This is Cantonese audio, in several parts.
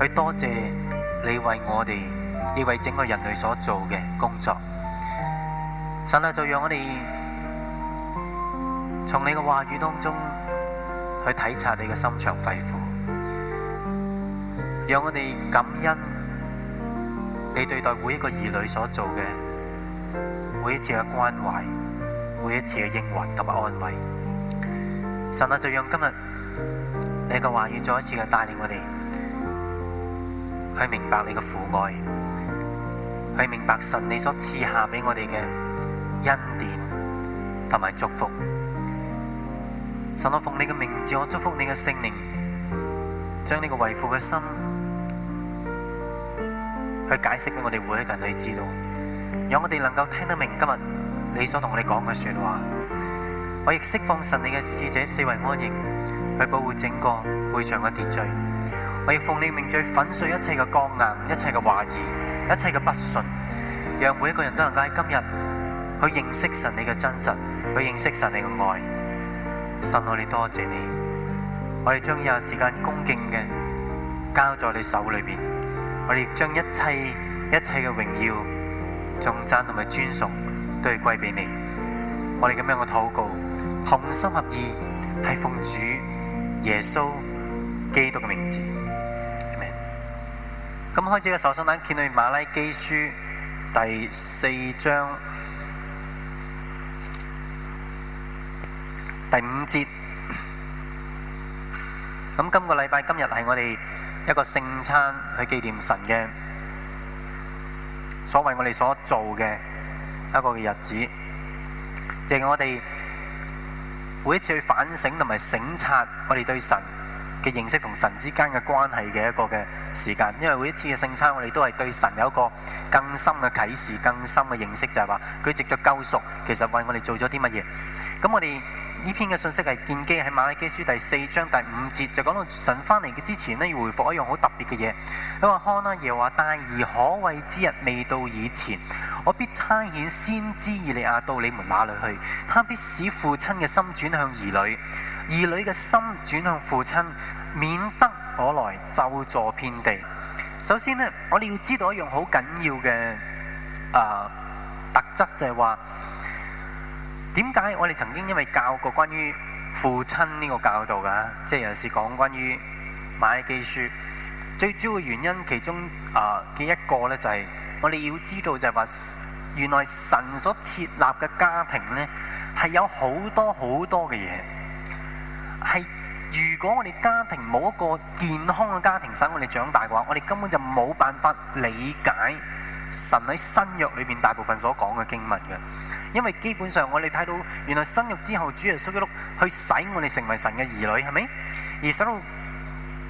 去多謝你為我哋，你為整個人類所做嘅工作。神啊，就讓我哋從你嘅話語當中去體察你嘅心腸肺腑，讓我哋感恩你對待每一個兒女所做嘅每一次嘅關懷，每一次嘅應允同埋安慰。神啊，就讓今日你嘅話語再一次嘅帶領我哋。去明白你嘅父愛，去明白神你所賜下俾我哋嘅恩典同埋祝福。神，我奉你嘅名字，我祝福你嘅聖靈，將呢個為父嘅心去解釋俾我哋會場嘅人每一個人知道，讓我哋能夠聽得明白今日你所同我哋講嘅說話。我亦釋放神你嘅使者四圍安營，去保護整個會場嘅秩序。我哋奉你名最粉碎一切嘅剛硬，一切嘅懷疑，一切嘅不信，讓每一個人都能夠喺今日去認識神你嘅真實，去認識神你嘅愛。神我哋多謝你，我哋將有時間恭敬嘅交在你手裏邊，我哋將一切一切嘅榮耀、頌讚、同埋尊崇都係歸俾你。我哋咁樣嘅禱告，同心合意，係奉主耶穌基督嘅名字。開始嘅手信單見去馬拉基書第四章第五節。咁今個禮拜今日係我哋一個聖餐去紀念神嘅，所謂我哋所做嘅一個嘅日子，就係我哋每一次去反省同埋省察我哋對神嘅認識同神之間嘅關係嘅一個嘅時間，因為每一次嘅聖餐，我哋都係對神有一個更深嘅啟示、更深嘅認識，就係話佢藉著救贖，其實為我哋做咗啲乜嘢。咁我哋呢篇嘅信息係建基喺馬拉基書第四章第五節，就講到神返嚟嘅之前呢，要回復一樣好特別嘅嘢。因為看哪，耶和華大而可畏之日未到以前，我必差遣先知以利亞到你們那裡去，他必使父親嘅心轉向兒女。兒女嘅心轉向父親，免得我來咒詛遍地。首先呢，我哋要知道一樣好緊要嘅啊、呃、特質，就係話點解我哋曾經因為教過關於父親呢個教導嘅，即係有時講關於瑪拉基書。最主要嘅原因，其中啊嘅、呃、一個呢、就是，就係我哋要知道就係話，原來神所設立嘅家庭呢，係有好多好多嘅嘢。係如果我哋家庭冇一個健康嘅家庭使我哋長大嘅話，我哋根本就冇辦法理解神喺新約裏面大部分所講嘅經文嘅。因為基本上我哋睇到，原來新約之後，主耶穌基督去使我哋成為神嘅兒女，係咪？而使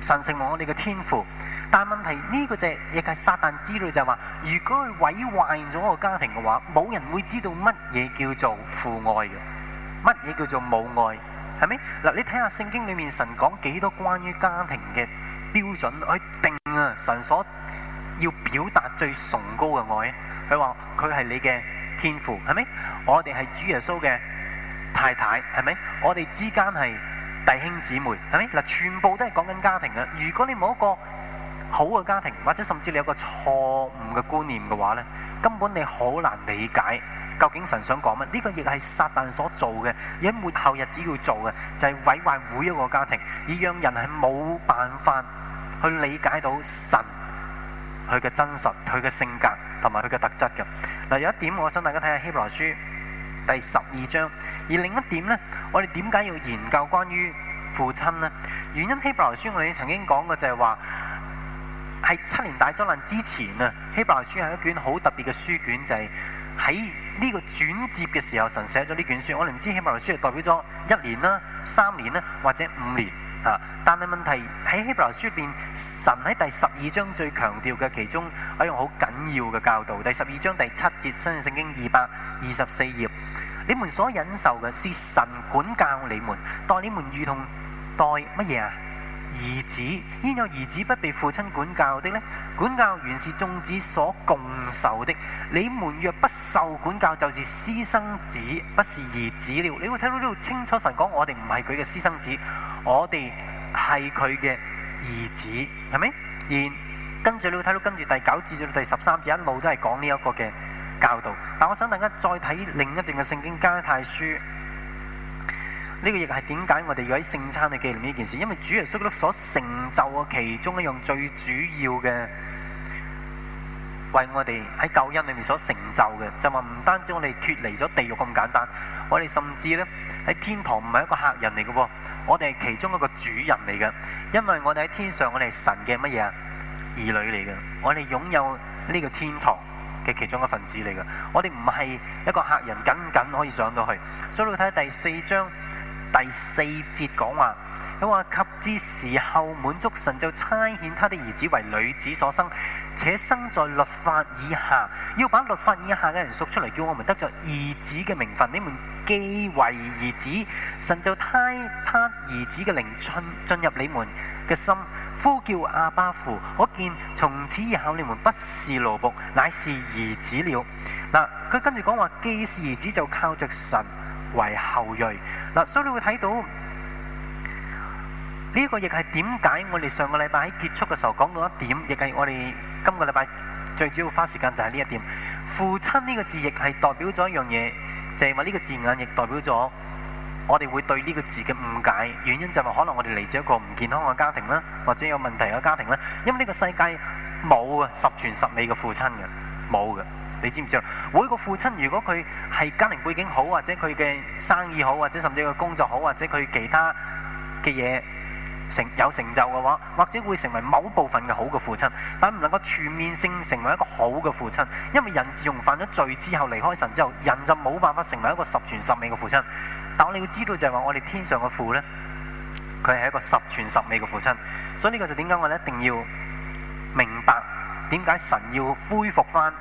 神成為我哋嘅天父，但係問題呢個就係亦係撒旦之類就係話，如果佢毀壞咗個家庭嘅話，冇人會知道乜嘢叫做父愛嘅，乜嘢叫做母愛。係咪？嗱，你睇下聖經裡面神講幾多關於家庭嘅標準，去定啊！神所要表達最崇高嘅愛，佢話佢係你嘅天父，係咪？我哋係主耶穌嘅太太，係咪？我哋之間係弟兄姊妹，係咪？嗱，全部都係講緊家庭嘅。如果你冇一個好嘅家庭，或者甚至你有一個錯誤嘅觀念嘅話咧，根本你好難理解。究竟神想講乜？呢個亦係撒旦所做嘅，而喺末後日子要做嘅，就係毀壞每一個家庭，而讓人係冇辦法去理解到神佢嘅真實、佢嘅性格同埋佢嘅特質嘅。嗱，有一點我想大家睇下希伯來書第十二章。而另一點呢，我哋點解要研究關於父親呢？原因希伯來書我哋曾經講過就係話，喺七年大災難之前啊，希伯來書係一卷好特別嘅書卷，就係。喺呢個轉折嘅時候，神寫咗呢卷書。我哋唔知希伯來書係代表咗一年啦、三年啦，或者五年啊。但係問題喺希伯來書入邊，神喺第十二章最強調嘅其中一種好緊要嘅教導。第十二章第七節新約聖經二百二十四頁，你們所忍受嘅是神管教你們，待你們如同待乜嘢啊？兒子，焉有兒子不被父親管教的呢？管教原是眾子所共受的。你們若不受管教，就是私生子，不是兒子了。你會睇到呢度清楚神講，我哋唔係佢嘅私生子，我哋係佢嘅兒子，係咪？然跟住你會睇到跟住第九至到第十三節一路都係講呢一個嘅教導。但我想大家再睇另一段嘅聖經加太書。呢個亦係點解我哋要喺聖餐去紀念呢件事？因為主耶穌基督所成就嘅其中一樣最主要嘅，為我哋喺救恩裏面所成就嘅，就係話唔單止我哋脫離咗地獄咁簡單，我哋甚至呢，喺天堂唔係一個客人嚟嘅，我哋係其中一個主人嚟嘅。因為我哋喺天上，我哋係神嘅乜嘢啊？兒女嚟嘅，我哋擁有呢個天堂嘅其中一份子嚟嘅。我哋唔係一個客人，僅僅可以上到去。所以你睇下第四章。第四節講話，佢話及至時候，滿足神就差遣他的兒子，為女子所生，且生在律法以下，要把律法以下嘅人贖出嚟，叫我們得着兒子嘅名分。你們既為兒子，神就差他兒子嘅靈進進入你們嘅心，呼叫阿爸父，可見從此以後，你們不是奴僕，乃是兒子了。嗱、啊，佢跟住講話，既是兒子，就靠着神。為後裔嗱、啊，所以你會睇到呢、呢個亦係點解我哋上個禮拜喺結束嘅時候講到一點，亦係我哋今個禮拜最主要花時間就係呢一點。父親呢個字亦係代表咗一樣嘢，就係話呢個字眼亦代表咗我哋會對呢個字嘅誤解。原因就係可能我哋嚟自一個唔健康嘅家庭啦，或者有問題嘅家庭啦。因為呢個世界冇啊十全十美嘅父親嘅，冇嘅。你知唔知道？每一個父親如果佢係家庭背景好，或者佢嘅生意好，或者甚至佢工作好，或者佢其他嘅嘢成有成就嘅話，或者會成為某部分嘅好嘅父親，但唔能夠全面性成為一個好嘅父親，因為人自從犯咗罪之後離開神之後，人就冇辦法成為一個十全十美嘅父親。但我哋要知道就係話，我哋天上嘅父呢，佢係一個十全十美嘅父親。所以呢個就點解我哋一定要明白點解神要恢復翻。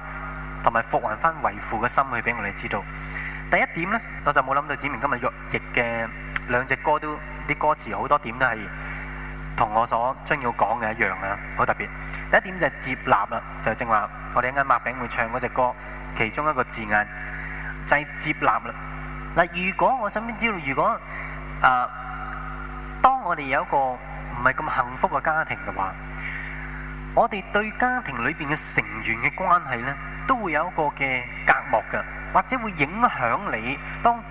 同埋復還翻為父嘅心去俾我哋知道。第一點呢，我就冇諗到展明今日若嘅兩隻歌都啲歌詞好多點都係同我所將要講嘅一樣啊！好特別。第一點就係接納啦，就正、是、話我哋一啱麥炳梅唱嗰隻歌其中一個字眼就係、是、接納啦。嗱，如果我想邊知道，如果啊，當我哋有一個唔係咁幸福嘅家庭嘅話，我哋對家庭裏邊嘅成員嘅關係咧，都會有一個嘅隔膜嘅，或者會影響你。當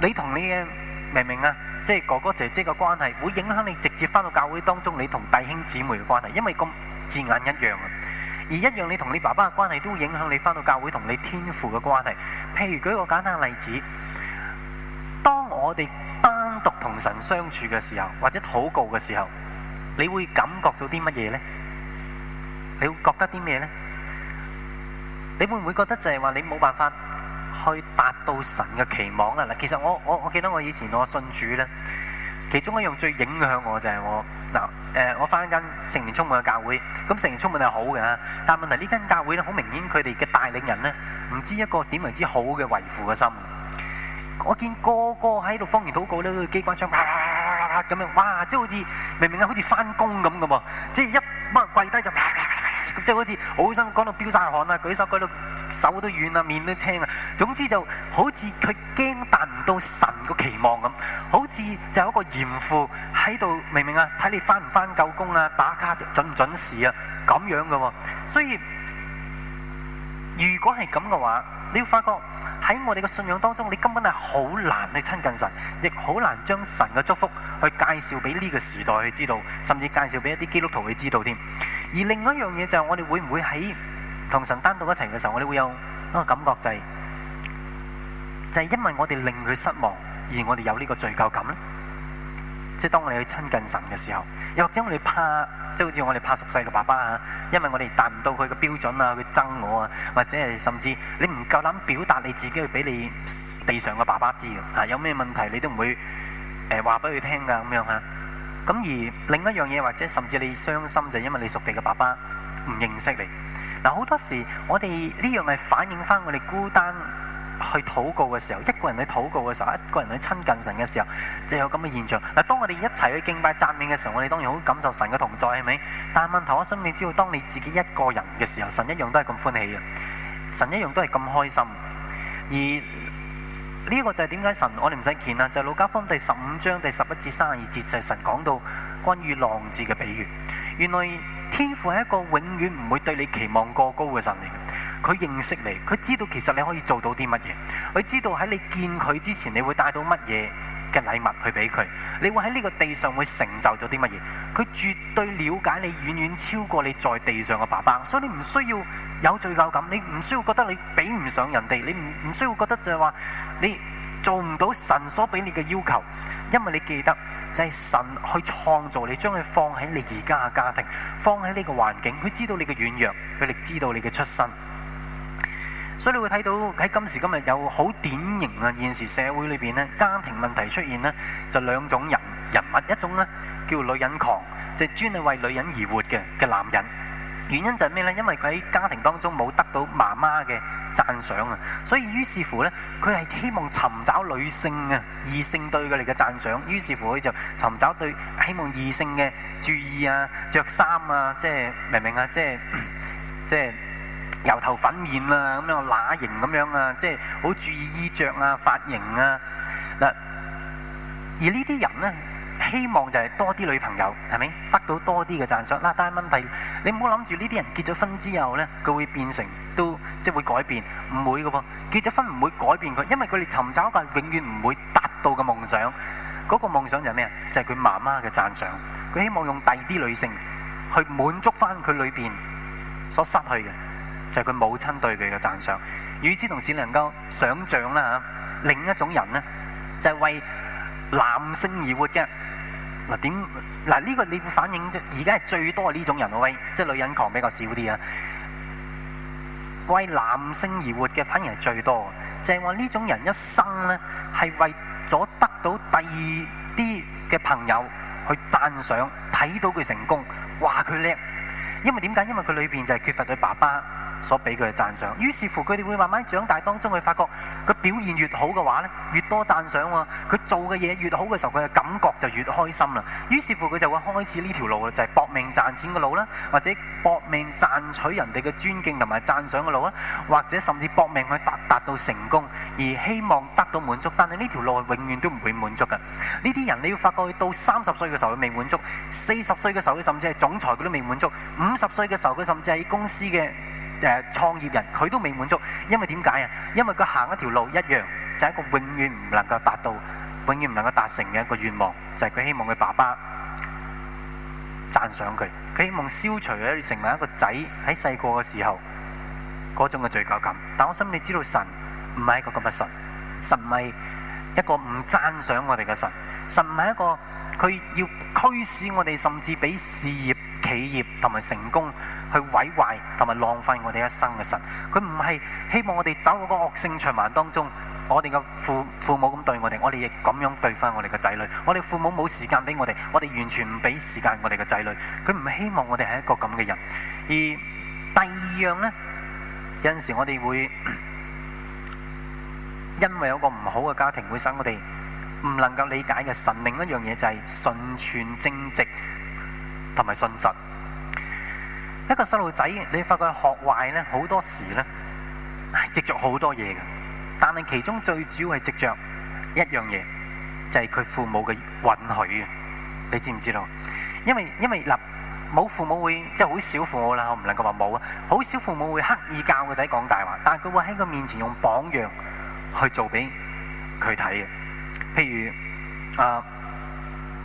你同你嘅明唔明啊？即係哥哥姐姐嘅關係，會影響你直接翻到教會當中你同弟兄姊妹嘅關係，因為咁字眼一樣啊。而一樣，你同你爸爸嘅關係都會影響你翻到教會同你天父嘅關係。譬如舉個簡單嘅例子，當我哋單獨同神相處嘅時候，或者禱告嘅時候，你會感覺到啲乜嘢呢？你會覺得啲咩咧？你會唔會覺得就係話你冇辦法去達到神嘅期望啊？嗱，其實我我我記得我以前我信主咧，其中一樣最影響我就係我嗱，誒、呃、我翻一間成年充滿嘅教會，咁成年充滿係好嘅，但係問題呢間教會咧好明顯佢哋嘅帶領人咧唔知道一個點樣之點為之好嘅維護嘅心。我見個個喺度方言禱告咧，機關槍咁樣，哇！即係好似明明啊，好像似翻工咁嘅噃，即係一乜跪低就。哇即係好似好辛苦，講到飆晒汗啊，舉手舉到手都軟啊，面都青啊。總之就好似佢驚，達唔到神個期望咁。好似就有一個嚴父喺度，明唔明啊？睇你翻唔翻夠工啊，打卡準唔準時啊？咁樣嘅喎、哦。所以如果係咁嘅話，你會發覺喺我哋嘅信仰當中，你根本係好難去親近神，亦好難將神嘅祝福去介紹俾呢個時代去知道，甚至介紹俾一啲基督徒去知道添。而另外一樣嘢就係我哋會唔會喺同神單獨一齊嘅時候，我哋會有一個感覺，就係就係因為我哋令佢失望，而我哋有呢個罪疚感咧。即係當我哋去親近神嘅時候，又或者我哋怕，即係好似我哋怕熟世嘅爸爸啊，因為我哋達唔到佢嘅標準啊，佢憎我啊，或者係甚至你唔夠膽表達你自己，去俾你地上嘅爸爸知啊。有咩問題你都唔會誒話俾佢聽㗎咁樣啊。咁而另一樣嘢，或者甚至你傷心，就因為你屬地嘅爸爸唔認識你。嗱，好多時我哋呢樣係反映翻我哋孤單去禱告嘅時候，一個人去禱告嘅時候，一個人去親近神嘅時候，就有咁嘅現象。嗱，當我哋一齊去敬拜讚美嘅時候，我哋當然好感受神嘅同在，係咪？但係問題，我想你知道，當你自己一個人嘅時候，神一樣都係咁歡喜嘅，神一樣都係咁開心。而呢個就係點解神我哋唔使見啦，就係《路加福音》第十五章第十一至三十二節，就係神講到關於浪子嘅比喻。原來天父係一個永遠唔會對你期望過高嘅神嚟嘅，佢認識你，佢知道其實你可以做到啲乜嘢，佢知道喺你見佢之前，你會帶到乜嘢嘅禮物去俾佢，你會喺呢個地上會成就咗啲乜嘢，佢絕對了解你，遠遠超過你在地上嘅爸爸，所以你唔需要有罪疚感，你唔需要覺得你比唔上人哋，你唔唔需要覺得就係話你做唔到神所俾你嘅要求，因為你記得就係神去創造你，將佢放喺你而家嘅家庭，放喺呢個環境，佢知道你嘅軟弱，佢哋知道你嘅出身。所以你會睇到喺今時今日有好典型啊，現時社會裏邊咧家庭問題出現咧，就兩種人人物，一種咧叫女人狂，就係專係為女人而活嘅嘅男人。原因就係咩呢？因為佢喺家庭當中冇得到媽媽嘅讚賞啊，所以於是乎呢，佢係希望尋找女性啊、異性對佢哋嘅讚賞。於是乎佢就尋找對希望異性嘅注意啊、着衫啊，即係明唔明啊？即係、呃、即係油頭粉面啊，咁樣乸型咁樣啊，即係好注意衣着啊、髮型啊嗱，而呢啲人呢，希望就係多啲女朋友，係咪得到多啲嘅讚賞？嗱，但係問題，你唔好諗住呢啲人結咗婚之後咧，佢會變成都即係會改變，唔會嘅噃。結咗婚唔會改變佢，因為佢哋尋找一個永遠唔會達到嘅夢想。嗰個夢想就係咩啊？就係佢媽媽嘅讚賞。佢希望用第二啲女性去滿足翻佢裏邊所失去嘅，就係佢母親對佢嘅讚賞。與此同時，能夠想像啦嚇，另一種人咧，就係為男性而活嘅。嗱，點嗱，呢個你會反映，而家係最多係呢種人喎。喂，即係女人狂比較少啲啊，為男性而活嘅反而係最多，就係話呢種人一生咧係為咗得到第二啲嘅朋友去讚賞，睇到佢成功，話佢叻。因為點解？因為佢裏邊就係缺乏對爸爸。所俾佢嘅讚賞，於是乎佢哋會慢慢長大，當中佢發覺佢表現越好嘅話呢越多讚賞喎；佢做嘅嘢越好嘅時候，佢嘅感覺就越開心啦。於是乎佢就會開始呢條路啦，就係搏命賺錢嘅路啦，或者搏命賺取人哋嘅尊敬同埋讚賞嘅路啦，或者甚至搏命去達達到成功而希望得到滿足。但係呢條路永遠都唔會滿足嘅。呢啲人你要發覺，佢到三十歲嘅時候佢未滿足，四十歲嘅時候佢甚至係總裁佢都未滿足，五十歲嘅時候佢甚至係公司嘅。誒創業人佢都未滿足，因為點解啊？因為佢行一條路一樣，就係一個永遠唔能夠達到、永遠唔能夠達成嘅一個願望，就係佢希望佢爸爸讚賞佢。佢希望消除佢成為一個仔喺細個嘅時候嗰種嘅罪疚感。但我想你知道神唔係一個咁嘅神，神唔係一個唔讚賞我哋嘅神，神唔係一個佢要驅使我哋，甚至俾事業、企業同埋成功，去毀壞同埋浪費我哋一生嘅神，佢唔係希望我哋走嗰個惡性循環當中，我哋嘅父父母咁對我哋，我哋亦咁樣對翻我哋嘅仔女，我哋父母冇時間俾我哋，我哋完全唔俾時間我哋嘅仔女，佢唔希望我哋係一個咁嘅人。而第二樣呢，有陣時我哋會因為有個唔好嘅家庭，會使我哋唔能夠理解嘅神。另一樣嘢就係純全正直同埋信實。一個細路仔，你發覺學壞咧，好多時咧，係執着好多嘢嘅。但係其中最主要係執着一樣嘢，就係、是、佢父母嘅允許。你知唔知道？因為因為嗱，冇父母會即係好少父母啦，我唔能夠話冇啊。好少父母會刻意教個仔講大話，但係佢會喺佢面前用榜樣去做俾佢睇嘅。譬如啊。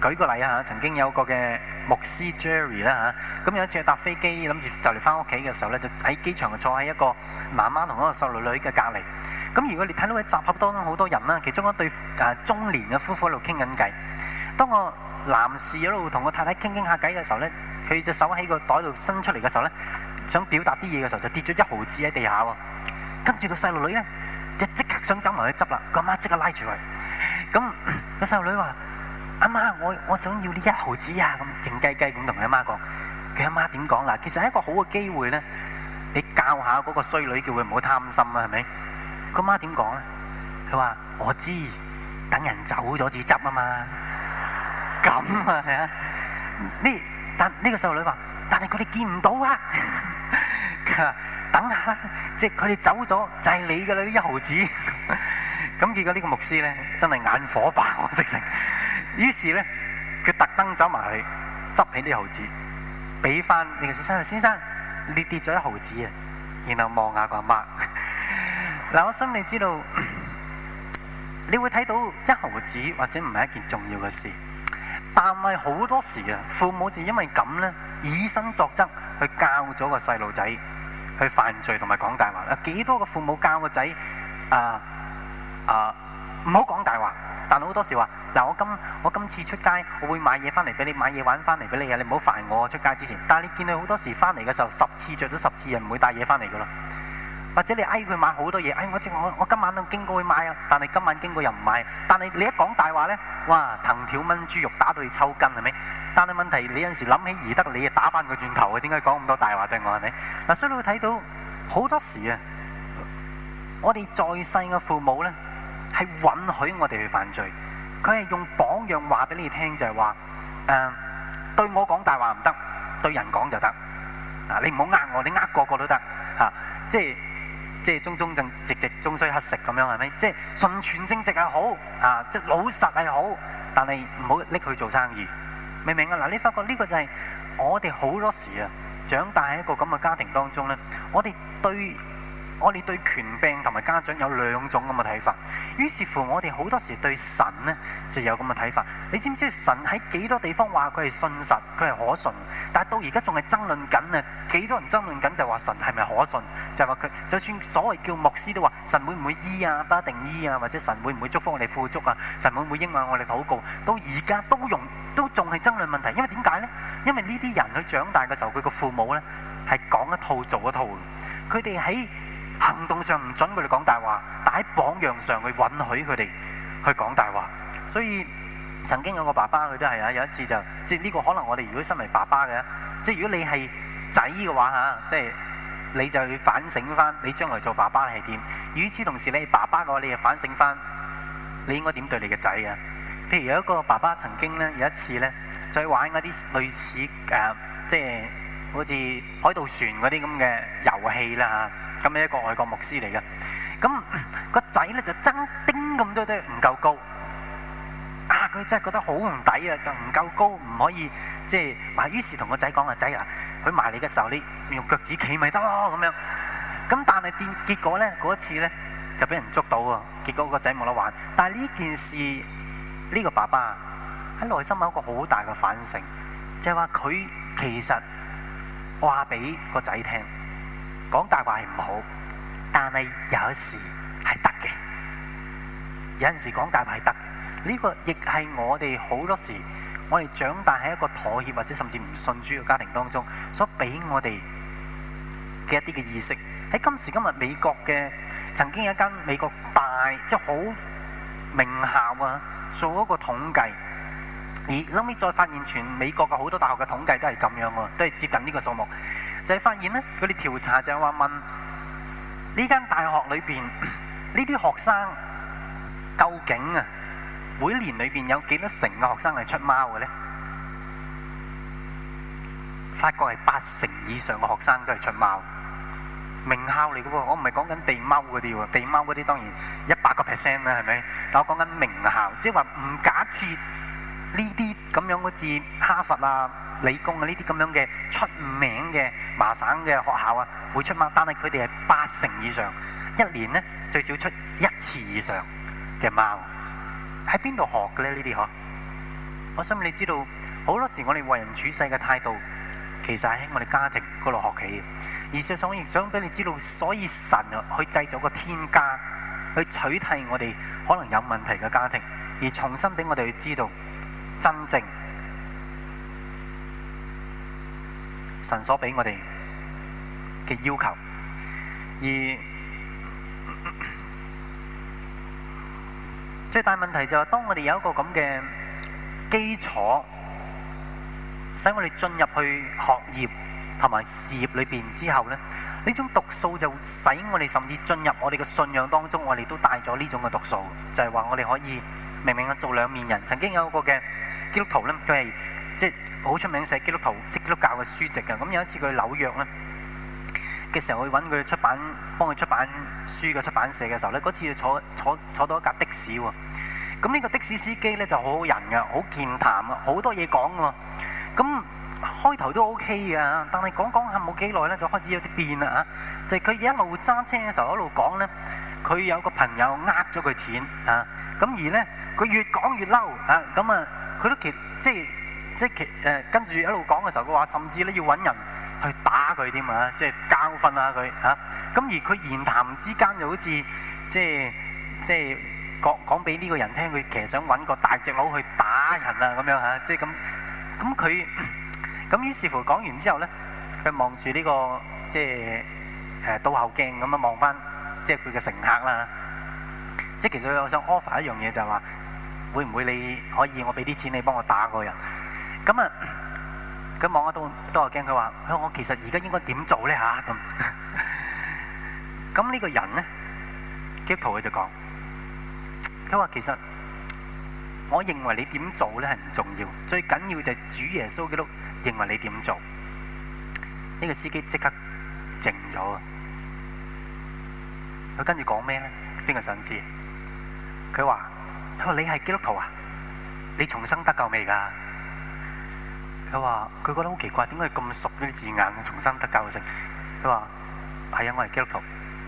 舉個例啊嚇，曾經有個嘅牧師 Jerry 啦嚇，咁有一次去搭飛機，諗住就嚟翻屋企嘅時候咧，就喺機場坐喺一個媽媽同嗰個細路女嘅隔離。咁如果你睇到佢集合當中好多人啦，其中一對誒中年嘅夫婦喺度傾緊偈。當個男士喺度同個太太傾傾下偈嘅時候咧，佢隻手喺個袋度伸出嚟嘅時候咧，想表達啲嘢嘅時候就跌咗一毫子喺地下喎。跟住個細路女咧就即刻想走埋去執啦，個媽即刻拉住佢。咁個細路女話。阿媽，我我想要呢一毫子啊！咁靜雞雞咁同佢阿媽講，佢阿媽點講啦？其實係一個好嘅機會咧，你教下嗰個衰女，叫佢唔好貪心啊，係咪？個媽點講咧？佢話：我知，等人走咗至執啊嘛。咁啊，係啊！呢但呢個細路女話：但係佢哋見唔到啊！佢話：等下啦，即係佢哋走咗，就係你噶啦呢一毫子。咁結果呢個牧師咧，真係眼火爆即成。於是呢，佢特登走埋去，執起啲毫子，俾翻你嘅先生先生，你跌咗一毫子，然後望下個媽。嗱，我想你知道，你會睇到一毫子或者唔係一件重要嘅事。但係好多時啊，父母就因為咁咧，以身作則去教咗個細路仔去犯罪同埋講大話。有幾多個父母教個仔啊啊，唔好講大話，但好多時話。嗱、啊，我今我今次出街，我會買嘢翻嚟俾你，買嘢玩翻嚟俾你啊！你唔好煩我，出街之前，但係你見佢好多時翻嚟嘅時候，十次着咗十次人唔會帶嘢翻嚟嘅咯。或者你嗌佢買好多嘢，唉、哎，我我今晚都經過去買啊，但係今晚經過又唔買。但係你一講大話呢，哇！藤條炆豬肉打到你抽筋係咪？但係問題是你有陣時諗起義得，你又打翻個轉頭啊！點解講咁多大話對我係咪？嗱、啊，所以你會睇到好多時啊，我哋在世嘅父母呢，係允許我哋去犯罪。佢係用榜樣話俾你聽，就係話誒對我講大話唔得，對人講就得。啊，你唔好呃我，你呃個個都得。嚇，即係即係忠忠正直直，終須乞食咁樣係咪？即係順全正直係好，啊，即係老實係好，但係唔好拎佢做生意。明唔明啊？嗱，你發覺呢個就係我哋好多時啊，長大喺一個咁嘅家庭當中咧，我哋對我哋對權柄同埋家長有兩種咁嘅睇法，於是乎我哋好多時對神呢就有咁嘅睇法。你知唔知道神喺幾多地方話佢係信實，佢係可信？但係到而家仲係爭論緊啊！幾多人在爭論緊就話神係咪可信？就話、是、佢就算所謂叫牧師都話神會唔會醫啊？不一定醫啊！或者神會唔會祝福我哋富足啊？神會唔會應允我哋禱告？到而家都用，都仲係爭論問題。因為點解呢？因為呢啲人佢長大嘅時候，佢個父母呢係講一套做一套。佢哋喺行動上唔準佢哋講大話，但喺榜樣上去允許佢哋去講大話。所以曾經有個爸爸，佢都係啊，有一次就即係呢個可能我哋如果身為爸爸嘅，即係如果你係仔嘅話嚇，即係你就去反省翻你將來做爸爸係點。與此同時咧，你係爸爸嘅話你就反省翻，你應該點對你嘅仔啊？譬如有一個爸爸曾經呢，有一次呢，就去玩嗰啲類似誒、呃，即係好似海盜船嗰啲咁嘅遊戲啦嚇。呃咁呢一個外國牧師嚟嘅，咁個仔咧就爭丁咁多，都唔夠高，啊！佢真係覺得好唔抵啊，就唔夠高，唔可以即係，哇！於是同個仔講：個仔啊，佢買你嘅時候，你用腳趾企咪得咯咁樣。咁但係結結果咧，嗰次咧就俾人捉到啊。結果個仔冇得玩。但係呢件事，呢、這個爸爸喺內心有一個好大嘅反省，就係話佢其實話俾個仔聽。講大話係唔好，但係有時係得嘅。有陣時講大話係得嘅。呢個亦係我哋好多時，我哋長大喺一個妥協或者甚至唔信主嘅家庭當中，所俾我哋嘅一啲嘅意識。喺今時今日美國嘅曾經有一間美國大即係好名校啊，做一個統計，而後尾再發現全美國嘅好多大學嘅統計都係咁樣喎，都係接近呢個數目。就係發現咧，佢哋調查就係話問呢間大學裏邊呢啲學生究竟啊，每年裏邊有幾多成嘅學生係出貓嘅咧？發覺係八成以上嘅學生都係出貓，名校嚟嘅喎。我唔係講緊地貓嗰啲喎，地貓嗰啲當然一百個 percent 啦，係咪？但我講緊名校，即係話唔假設。呢啲咁樣嘅字，哈佛啊、理工啊，呢啲咁樣嘅出名嘅麻省嘅學校啊，會出貓，但係佢哋係八成以上一年呢最少出一次以上嘅貓，喺邊度學嘅呢？呢啲嗬，我想你知道好多時，我哋為人處世嘅態度其實係喺我哋家庭嗰度學起嘅，而事實上我亦想俾你知道，所以神去製造個天家去取替我哋可能有問題嘅家庭，而重新俾我哋去知道。真正神所畀我哋嘅要求，而最大問題就係，當我哋有一個咁嘅基礎，使我哋進入去學業同埋事業裏面之後咧，呢種毒素就使我哋甚至進入我哋嘅信仰當中，我哋都帶咗呢種嘅毒素，就係話我哋可以。明明我做兩面人，曾經有一個嘅基督徒咧，佢係即係好出名寫基督徒、識基督教嘅書籍嘅。咁有一次佢去紐約咧嘅時候，去揾佢出版幫佢出版書嘅出版社嘅時候咧，嗰次坐坐坐到一架的士喎。咁呢個的士司機咧就好好人㗎，好健談啊，好多嘢講㗎。咁開頭都 OK 㗎，但係講講下冇幾耐咧，就開始有啲變啦嚇。就係佢一路揸車嘅時候一路講咧，佢有個朋友呃咗佢錢啊，咁而咧佢越講越嬲啊，咁啊佢都其即係即係其誒跟住一路講嘅時候，佢話甚至咧要揾人去打佢添啊，即係教訓下佢嚇。咁而佢言談之間就好似即係即係講講俾呢個人聽，佢其實想揾個大隻佬去打人啊咁樣嚇，即係咁咁佢咁於是乎講完之後咧，佢望住呢個即係。誒倒後鏡咁樣望翻，即係佢嘅乘客啦。即係其實佢想 offer 一樣嘢就係話，會唔會你可以我俾啲錢你幫我打嗰個人？咁啊，佢望下倒倒後鏡，佢話：我其實而家應該點做咧嚇？咁，咁呢個人咧，keptool 佢就講，佢話其實，我認為你點做咧係唔重要，最緊要就係主耶穌基督認為你點做。呢個司機即刻靜咗。佢跟住講咩咧？邊個想知？佢話：佢話你係基督徒啊？你重生得救未噶佢話：佢覺得好奇怪，點解咁熟呢啲字眼？重生得救性。佢話：係啊，我係基督徒。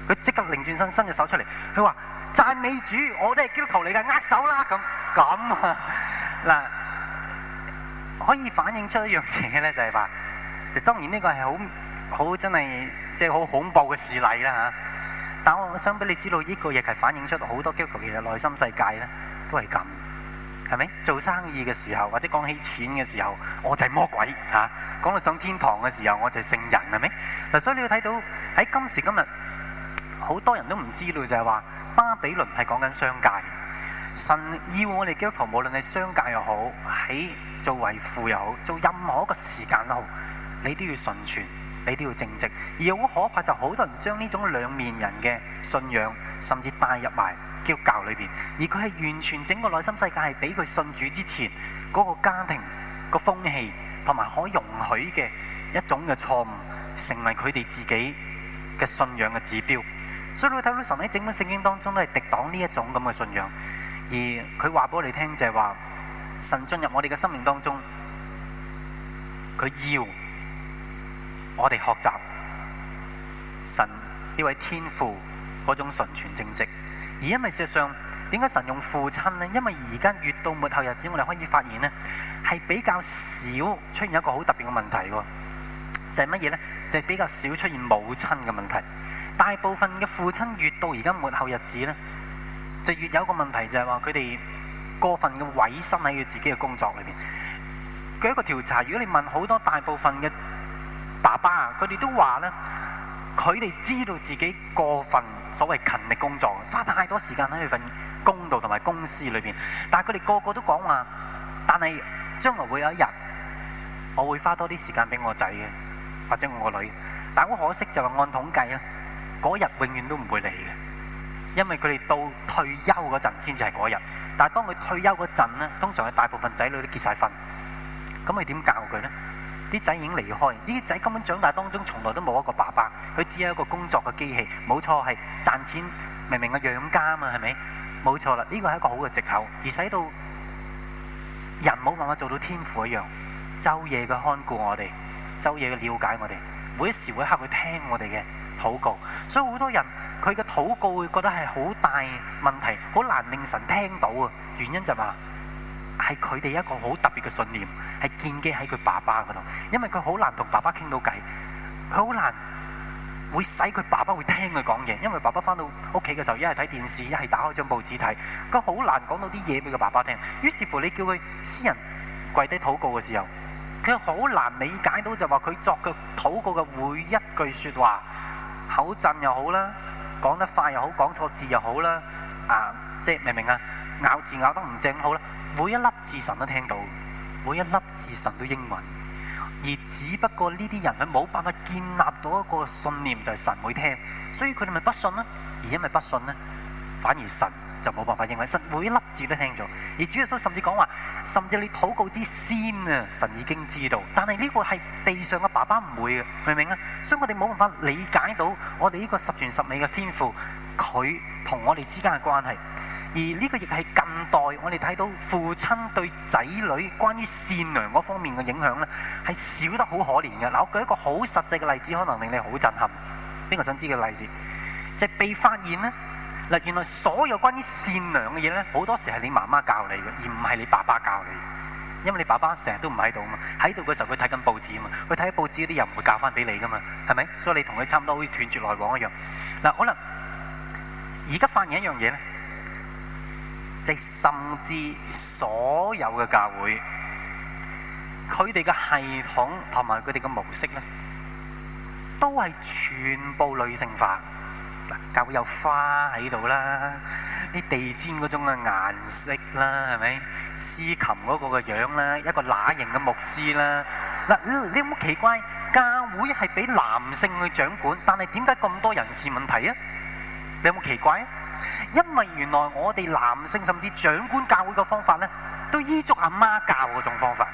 佢即刻擰轉身，伸隻手出嚟。佢話：讚美主，我都係基督徒嚟噶，握手啦咁咁啊！嗱，可以反映出一樣嘢咧，就係話，當然呢個係好好真係即係好恐怖嘅事例啦吓。但我想俾你知道，呢、呢個嘢，係反映出好多基督徒其實內心世界咧都係咁，係咪？做生意嘅時候，或者講起錢嘅時候，我就係魔鬼嚇；講、啊、到上天堂嘅時候，我就係聖人係咪？嗱，所以你要睇到喺今時今日，好多人都唔知道就係話巴比倫係講緊商界。神要我哋基督徒，無論係商界又好，喺做維富又好，做任何一個時間都好，你都要順存。你都要正直，而好可怕就好多人將呢種兩面人嘅信仰，甚至帶入埋基督教裏邊，而佢係完全整個內心世界係俾佢信主之前嗰個家庭個風氣同埋可容許嘅一種嘅錯誤成為佢哋自己嘅信仰嘅指標。所以你會睇到神喺整個聖經當中都係敵擋呢一種咁嘅信仰，而佢話俾我哋聽就係話神進入我哋嘅生命當中，佢要。我哋學習神呢位天父嗰種純全正直，而因為事實上點解神用父親呢？因為而家越到末後日子，我哋可以發現呢，係比較少出現一個好特別嘅問題，就係乜嘢呢？就係、是、比較少出現母親嘅問題。大部分嘅父親越到而家末後日子呢，就越有一個問題，就係話佢哋過分咁委身喺佢自己嘅工作裏面。據一個調查，如果你問好多大部分嘅，爸爸佢哋都話咧，佢哋知道自己過份所謂勤力工作，花太多時間喺佢份工度同埋公司裏邊。但係佢哋個個都講話，但係將來會有一日，我會花多啲時間俾我仔嘅，或者我個女。但係好可惜就係按統計咧，嗰日永遠都唔會嚟嘅，因為佢哋到退休嗰陣先至係嗰日。但係當佢退休嗰陣咧，通常係大部分仔女都結晒婚，咁你點教佢咧？啲仔已經離開，呢啲仔根本長大當中從來都冇一個爸爸，佢只係一個工作嘅機器，冇錯係賺錢，明明啊養家啊嘛，係咪？冇錯啦，呢個係一個好嘅藉口，而使到人冇辦法做到天父一樣，晝夜嘅看顧我哋，晝夜嘅了解我哋，每一時每刻去聽我哋嘅禱告，所以好多人佢嘅禱告會覺得係好大問題，好難令神聽到啊，原因就話、是。係佢哋一個好特別嘅信念，係建基喺佢爸爸嗰度，因為佢好難同爸爸傾到偈，佢好難會使佢爸爸會聽佢講嘢，因為爸爸翻到屋企嘅時候，一係睇電視，一係打開張報紙睇，佢好難講到啲嘢俾佢爸爸聽。於是乎，你叫佢私人跪低禱告嘅時候，佢好難理解到就話佢作嘅禱告嘅每一句説話口震又好啦，講得快又好，講錯字又好啦，啊，即係明唔明啊？咬字咬得唔正好啦。每一粒字神都聽到，每一粒字神都應允，而只不過呢啲人佢冇辦法建立到一個信念就係、是、神會聽，所以佢哋咪不信咯，而因為不信咧，反而神就冇辦法應允。神每一粒字都聽咗，而主耶穌甚至講話，甚至你禱告之先啊，神已經知道，但係呢個係地上嘅爸爸唔會嘅，明唔明啊？所以我哋冇辦法理解到我哋呢個十全十美嘅天父，佢同我哋之間嘅關係，而呢個亦係。代我哋睇到父親對仔女關於善良嗰方面嘅影響呢，係少得好可憐嘅。嗱，我舉一個好實際嘅例子，可能令你好震撼。邊個想知嘅例子？就係被發現呢。嗱，原來所有關於善良嘅嘢呢，好多時係你媽媽教你嘅，而唔係你爸爸教你嘅。因為你爸爸成日都唔喺度啊嘛，喺度嘅時候佢睇緊報紙啊嘛，佢睇緊報紙嗰啲又唔會教翻俾你噶嘛，係咪？所以你同佢差唔多好似斷絕來往一樣。嗱，可能而家發現一樣嘢呢。即係甚至所有嘅教會，佢哋嘅系統同埋佢哋嘅模式咧，都係全部女性化。教會有花喺度啦，啲地氈嗰種嘅顏色啦，係咪？司琴嗰個嘅樣啦，一個乸型嘅牧師啦。嗱，你有冇奇怪？教會係俾男性去掌管，但係點解咁多人事問題啊？你有冇奇怪？因為原來我哋男性甚至長官教會嘅方法咧，都依足阿媽教嗰種方法。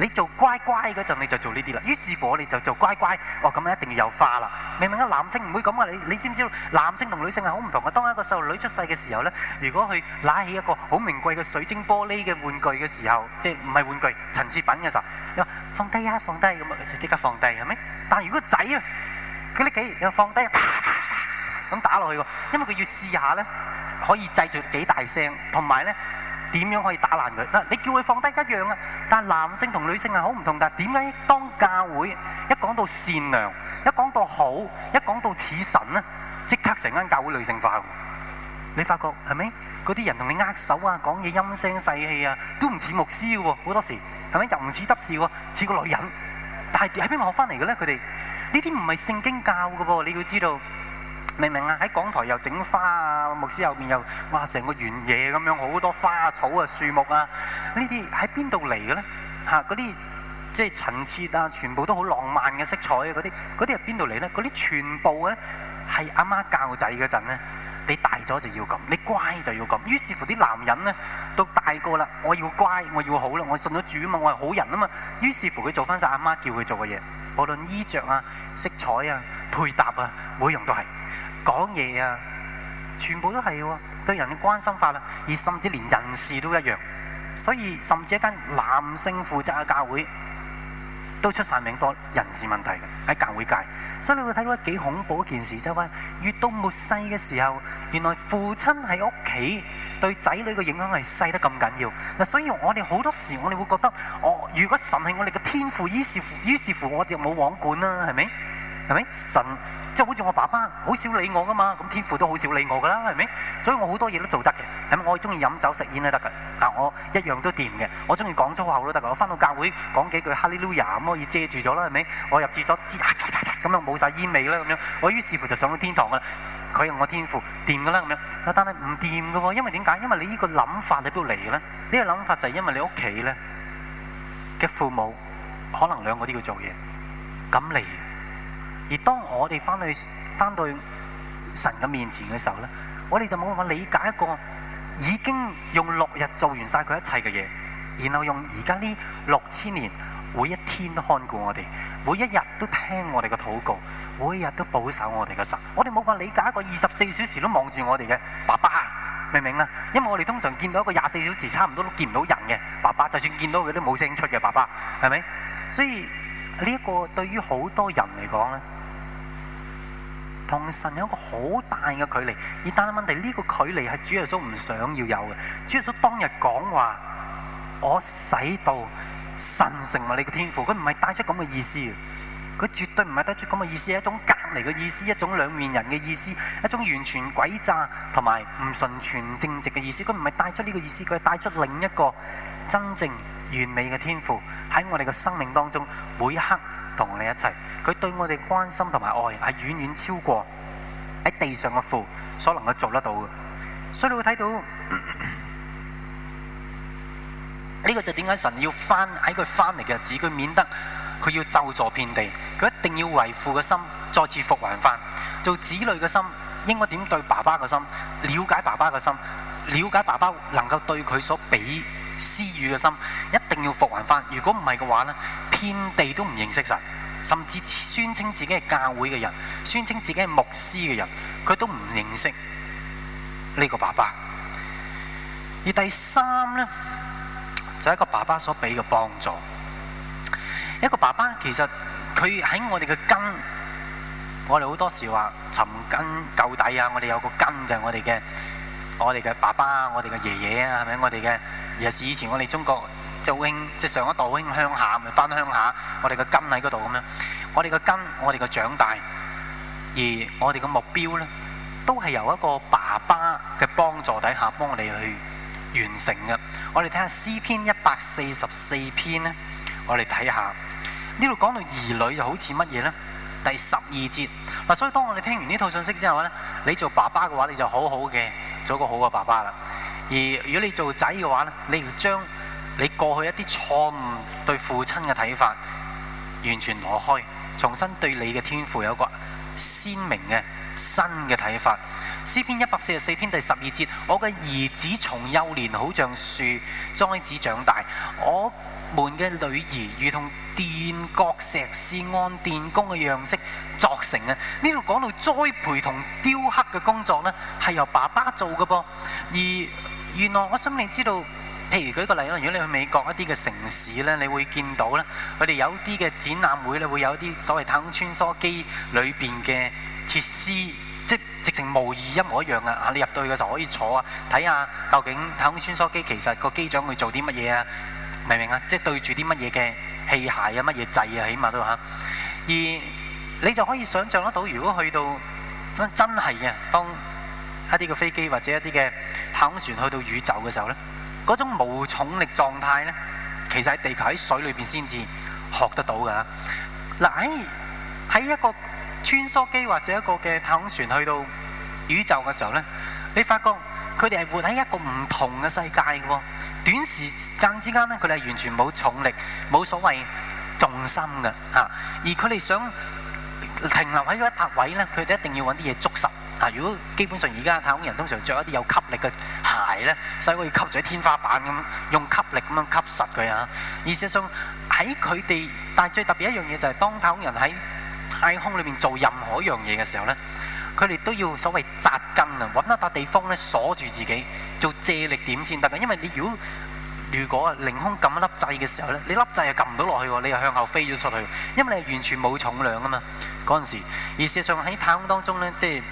你做乖乖嗰陣，你就做呢啲啦。於是乎，我哋就做乖乖。哇，咁一定要有花啦！明明啊，男性唔會咁噶。你你知唔知？男性同女性係好唔同嘅。當一個細路女出世嘅時候咧，如果佢攞起一個好名貴嘅水晶玻璃嘅玩具嘅時候，即係唔係玩具，陳設品嘅時候，你話，放低啊，放低咁啊，就即刻放低係咪？但如果仔啊，佢攞起，你話放低，啪啪啪。咁打落去嘅，因為佢要試下咧，可以製造幾大聲，同埋咧點樣可以打爛佢。嗱，你叫佢放低一樣啊，但係男性同女性係好唔同噶。點解當教會一講到善良，一講到好，一講到似神咧，即刻成間教會女性化？你發覺係咪？嗰啲人同你握手啊，講嘢陰聲細氣啊，都唔似牧師嘅喎，好多時係咪又唔似執事喎，似個女人？但係喺邊學翻嚟嘅咧？佢哋呢啲唔係聖經教嘅噃，你要知道。明明啊，喺港台又整花啊，牧師後面又哇，成個原野咁樣好多花啊草啊、樹木啊，這些哪裏呢啲喺邊度嚟嘅咧？嚇、啊，嗰啲即係陳設啊，全部都好浪漫嘅色彩啊，嗰啲嗰啲係邊度嚟咧？嗰啲全部咧係阿媽教仔嗰陣咧，你大咗就要咁，你乖就要咁。於是乎啲男人咧，都大個啦，我要乖，我要好啦，我信咗主啊嘛，我係好人啊嘛。於是乎佢做翻晒阿媽叫佢做嘅嘢，無論衣着啊、色彩啊、配搭啊，每樣都係。講嘢啊，全部都係對人嘅關心法啦，而甚至連人事都一樣，所以甚至一間男性負責嘅教會都出晒名多人事問題嘅喺教會界，所以你會睇到一幾恐怖一件事，就係話越到末世嘅時候，原來父親喺屋企對仔女嘅影響係細得咁緊要嗱，所以我哋好多時我哋會覺得，我如果神係我哋嘅天父，於是乎於是乎我哋冇枉管啦，係咪？係咪神？就好似我爸爸好少理我噶嘛，咁天父都好少理我噶啦，係咪？所以我好多嘢都做得嘅，係咪？我中意飲酒食煙都得噶，嗱我一樣都掂嘅，我中意講粗口都得噶，我翻到教會講幾句哈利路亞咁可以遮住咗啦，係咪？我入廁所嗞咁就冇晒煙味啦，咁樣我於是乎就上到天堂啦，佢係我天父掂噶啦咁樣，但係唔掂噶喎，因為點解？因為你呢個諗法你邊度嚟咧？呢、呢個諗法就係因為你屋企咧嘅父母可能兩個都要做嘢，咁嚟。而當我哋翻去翻到神嘅面前嘅時候呢，我哋就冇辦法理解一個已經用六日做完晒佢一切嘅嘢，然後用而家呢六千年每一天都看顧我哋，每一日都聽我哋嘅禱告，每一日都保守我哋嘅神。我哋冇辦法理解一個二十四小時都望住我哋嘅爸爸，明唔明啊？因為我哋通常見到一個廿四小時差唔多都見唔到人嘅爸爸，就算見到佢都冇聲出嘅爸爸，係咪？所以呢一個對於好多人嚟講咧。同神有一個好大嘅距離，而但係問題呢個距離係主耶穌唔想要有嘅。主耶穌當日講話：我使到神成為你嘅天父，佢唔係帶出咁嘅意思，佢絕對唔係帶出咁嘅意思，係一種隔離嘅意思，一種兩面人嘅意思，一種完全詭詐同埋唔純全正直嘅意思。佢唔係帶出呢個意思，佢係帶出另一個真正完美嘅天父喺我哋嘅生命當中每一刻同你一齊。佢對我哋關心同埋愛係遠遠超過喺地上嘅父所能夠做得到嘅，所以你會睇到呢個就點解神要返喺佢返嚟嘅日子，佢免得佢要咒詛遍地，佢一定要為父嘅心再次復還返。做子女嘅心應該點對爸爸嘅心？了解爸爸嘅心，了解爸爸能夠對佢所俾私語嘅心，一定要復還返。如果唔係嘅話呢，遍地都唔認識神。甚至宣稱自己係教會嘅人，宣稱自己係牧師嘅人，佢都唔認識呢個爸爸。而第三呢，就係一個爸爸所俾嘅幫助。一個爸爸其實佢喺我哋嘅根，我哋好多時話尋根究底啊，我哋有個根就係我哋嘅，我哋嘅爸爸，我哋嘅爺爺啊，係咪？我哋嘅尤其是以前我哋中國。就興即係上一代興鄉下，咪返鄉下。我哋個根喺嗰度咁樣，我哋個根，我哋個長大，而我哋個目標咧，都係由一個爸爸嘅幫助底下幫我哋去完成嘅。我哋睇下詩篇一百四十四篇咧，我哋睇下呢度講到兒女就好似乜嘢咧？第十二節嗱，所以當我哋聽完呢套信息之後咧，你做爸爸嘅話，你就很好好嘅做一個好嘅爸爸啦。而如果你做仔嘅話咧，你要將你過去一啲錯誤對父親嘅睇法，完全挪開，重新對你嘅天父有個鮮明嘅新嘅睇法。詩篇一百四十四篇第十二節：我嘅兒子從幼年好像樹栽子長大，我們嘅女兒如同殿角石是按建宮嘅樣式鑿成啊！呢度講到栽培同雕刻嘅工作呢係由爸爸做嘅噃。而原來我想你知道。譬如舉一個例啦，如果你去美國一啲嘅城市咧，你會見到咧，佢哋有啲嘅展覽會咧，會有啲所謂太空穿梭機裏邊嘅設施，即係直情模擬一模一樣啊。嚇。你入到去嘅時候可以坐啊，睇下究竟太空穿梭機其實個機長會做啲乜嘢啊？明唔明啊？即係對住啲乜嘢嘅器械啊，乜嘢掣啊，起碼都嚇。而你就可以想像得到，如果去到真真係啊，當一啲嘅飛機或者一啲嘅太空船去到宇宙嘅時候咧。嗰種無重力狀態呢，其實喺地球喺水裏邊先至學得到噶。嗱，喺一個穿梭機或者一個嘅太空船去到宇宙嘅時候呢，你發覺佢哋係活喺一個唔同嘅世界嘅、哦。短時間之間呢，佢哋係完全冇重力，冇所謂重心嘅嚇、啊。而佢哋想停留喺嗰一笪位呢，佢哋一定要搵啲嘢捉實。嗱，如果基本上而家太空人通常著一啲有吸力嘅鞋咧，使可以吸住喺天花板咁，用吸力咁樣吸實佢啊！而事實上喺佢哋，但係最特別一樣嘢就係當太空人喺太空裏邊做任何一樣嘢嘅時候咧，佢哋都要所謂紮根啊，揾一笪地方咧鎖住自己，做借力點先得㗎。因為你如果如果凌空撳一粒掣嘅時候咧，你粒掣又撳唔到落去喎，你又向後飛咗出去，因為你係完全冇重量啊嘛嗰陣時。而事實上喺太空當中咧，即係。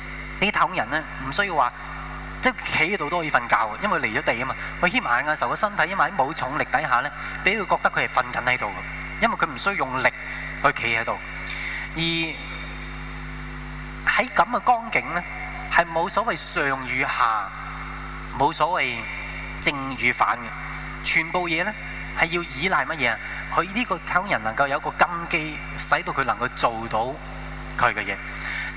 呢啲太空人咧，唔需要話即係企喺度都可以瞓覺嘅，因為離咗地啊嘛。佢掀埋眼嘅時候，個身體因為喺冇重力底下咧，俾佢覺得佢係瞓緊喺度嘅，因為佢唔需要用力去企喺度。而喺咁嘅光景咧，係冇所謂上與下，冇所謂正與反嘅。全部嘢咧係要依賴乜嘢啊？佢呢個太空人能夠有一個根基，使到佢能夠做到佢嘅嘢。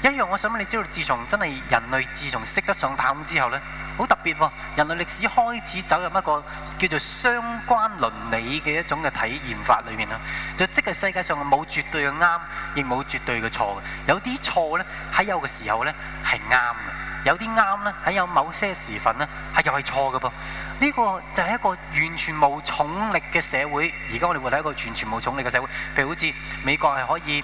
一樣，我想問你知道，自從真係人類自從識得上碳之後呢？好特別喎。人類歷史開始走入一個叫做相對倫理嘅一種嘅體驗法裏面啦。就即係世界上冇絕對嘅啱，亦冇絕對嘅錯嘅。有啲錯呢，喺有嘅時候呢係啱嘅，有啲啱呢，喺有某些時分呢，係又係錯嘅噃。呢個就係一個完全冇重力嘅社會。而家我哋活喺一個完全冇重力嘅社會，譬如好似美國係可以。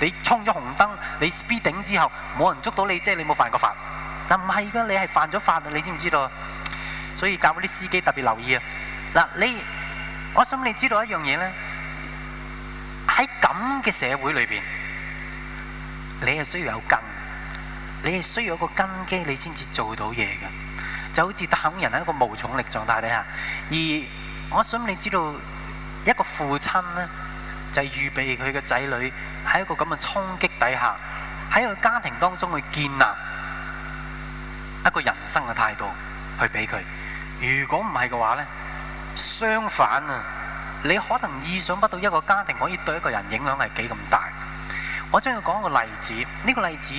你衝咗紅燈，你 speeding 之後冇人捉到你，即係你冇犯過法。但唔係噶，你係犯咗法，你知唔知道？所以教啲司機特別留意啊！嗱，你，我想你知道一樣嘢咧，喺咁嘅社會裏邊，你係需要有根，你係需要一個根基，你先至做到嘢嘅。就好似啲人喺一個無重力狀態底下，而我想你知道一個父親咧，就係預備佢嘅仔女。喺一個咁嘅衝擊底下，喺一個家庭當中去建立一個人生嘅態度，去俾佢。如果唔係嘅話咧，相反啊，你可能意想不到一個家庭可以對一個人影響係幾咁大。我將要講一個例子，呢個例子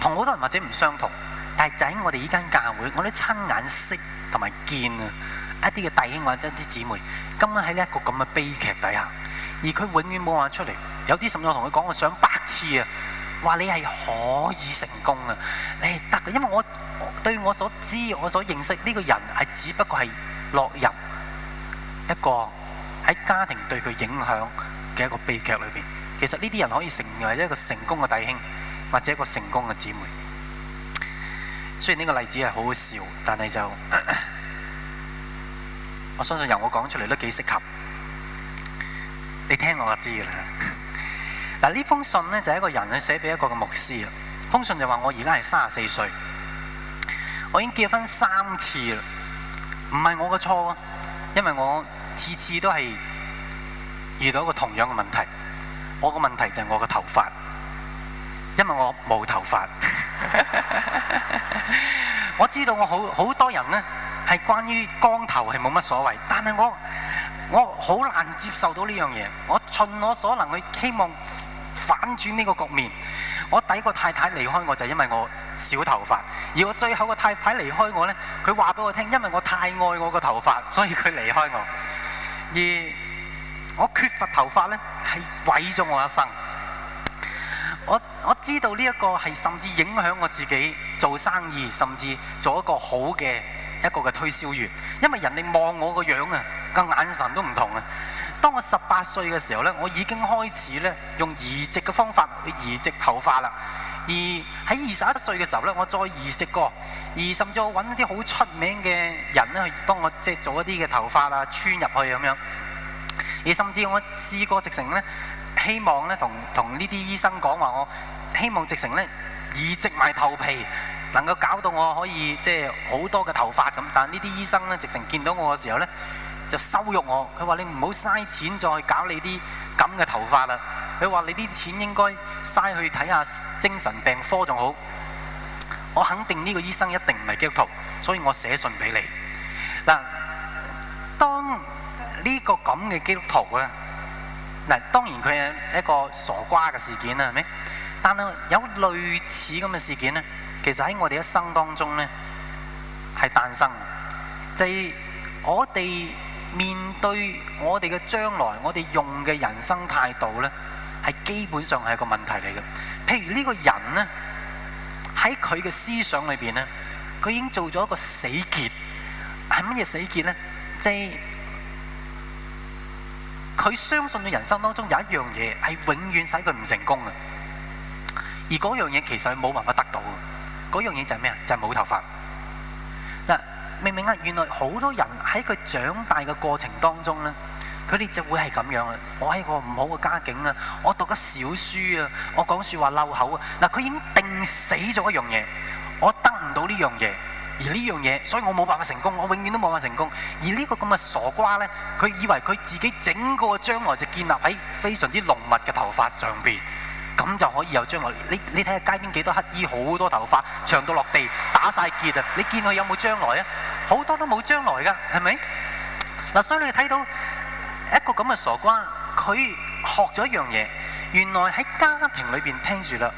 同好多人或者唔相同，但係就喺我哋依間教會，我都親眼識同埋見啊，一啲嘅弟兄或者一啲姊妹，今晚喺呢一個咁嘅悲劇底下。而佢永遠冇話出嚟，有啲甚至我同佢講過上百次啊，話你係可以成功啊，你係得嘅，因為我對我所知、我所認識呢個人係只不過係落入一個喺家庭對佢影響嘅一個悲劇裏邊。其實呢啲人可以成為一個成功嘅弟兄，或者一個成功嘅姊妹。雖然呢個例子係好好笑，但係就我相信由我講出嚟都幾適合。你聽我就知嘅啦。嗱，呢封信呢，就係一個人去寫俾一個嘅牧師啊。封信就話：我而家係三十四歲，我已經結婚三次啦。唔係我嘅錯啊，因為我次次都係遇到一個同樣嘅問題。我個問題就係我個頭髮，因為我冇頭髮。 我知道我好好多人呢，係關於光頭係冇乜所謂，但係我。我好難接受到呢樣嘢，我盡我所能去希望反轉呢個局面。我第一個太太離開我就係因為我少頭髮，而我最後個太太離開我呢，佢話俾我聽，因為我太愛我個頭髮，所以佢離開我。而我缺乏頭髮呢，係毀咗我一生。我我知道呢一個係甚至影響我自己做生意，甚至做一個好嘅。一個嘅推銷員，因為人哋望我個樣啊，個眼神都唔同啊。當我十八歲嘅時候呢，我已經開始呢，用移植嘅方法去移植頭髮啦。而喺二十一歲嘅時候呢，我再移植過，而甚至我揾一啲好出名嘅人呢，去幫我，即係做一啲嘅頭髮啊穿入去咁樣。而甚至我試過直成呢，希望呢，同同呢啲醫生講話，我希望直成呢，移植埋頭皮。能夠搞到我可以即係好多嘅頭髮咁，但係呢啲醫生咧，直情見到我嘅時候咧，就羞辱我。佢話你唔好嘥錢再搞你啲咁嘅頭髮啦。佢話你啲錢應該嘥去睇下精神病科仲好。我肯定呢個醫生一定唔係基督徒，所以我寫信俾你。嗱，呢個，當、呢個、呢個咁嘅基督徒咧，嗱當然佢係一個傻瓜嘅事件啦，係咪？但係有類似咁嘅事件咧。其實喺我哋一生當中呢，係誕生就即係我哋面對我哋嘅將來，我哋用嘅人生態度呢，係基本上係個問題嚟嘅。譬如呢個人呢，喺佢嘅思想裏面呢，佢已經做咗一個死結。係乜嘢死結呢？即係佢相信嘅人生當中有一樣嘢係永遠使佢唔成功嘅，而嗰樣嘢其實係冇辦法得到嘅。嗰樣嘢就係咩啊？就係冇頭髮。嗱，明明啊，原來好多人喺佢長大嘅過程當中咧，佢哋就會係咁樣啊！我係個唔好嘅家境啊，我讀得少書啊，我講説話漏口啊。嗱，佢已經定死咗一樣嘢，我得唔到呢樣嘢，而呢樣嘢，所以我冇辦法成功，我永遠都冇辦法成功。而呢個咁嘅傻瓜咧，佢以為佢自己整個將來就建立喺非常之濃密嘅頭髮上邊。咁就可以有將來，你你睇下街邊幾多乞衣，好多頭髮長到落地，打晒結啊！你見佢有冇將來啊？好多都冇將來噶，係咪？嗱，所以你睇到一個咁嘅傻瓜，佢學咗一樣嘢，原來喺家庭裏邊聽住啦。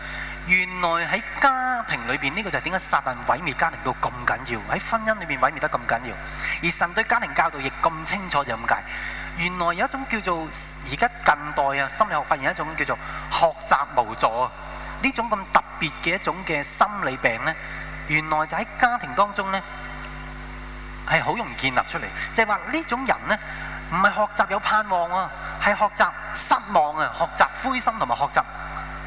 原來喺家庭裏邊呢個就點解撒但毀滅家庭到咁緊要，喺婚姻裏邊毀滅得咁緊要，而神對家庭教導亦咁清楚就咁解。原來有一種叫做而家近代啊，心理學發現一種叫做學習無助啊，呢種咁特別嘅一種嘅心理病呢，原來就喺家庭當中呢，係好容易建立出嚟。就係話呢種人呢，唔係學習有盼望啊，係學習失望啊，學習灰心同埋學習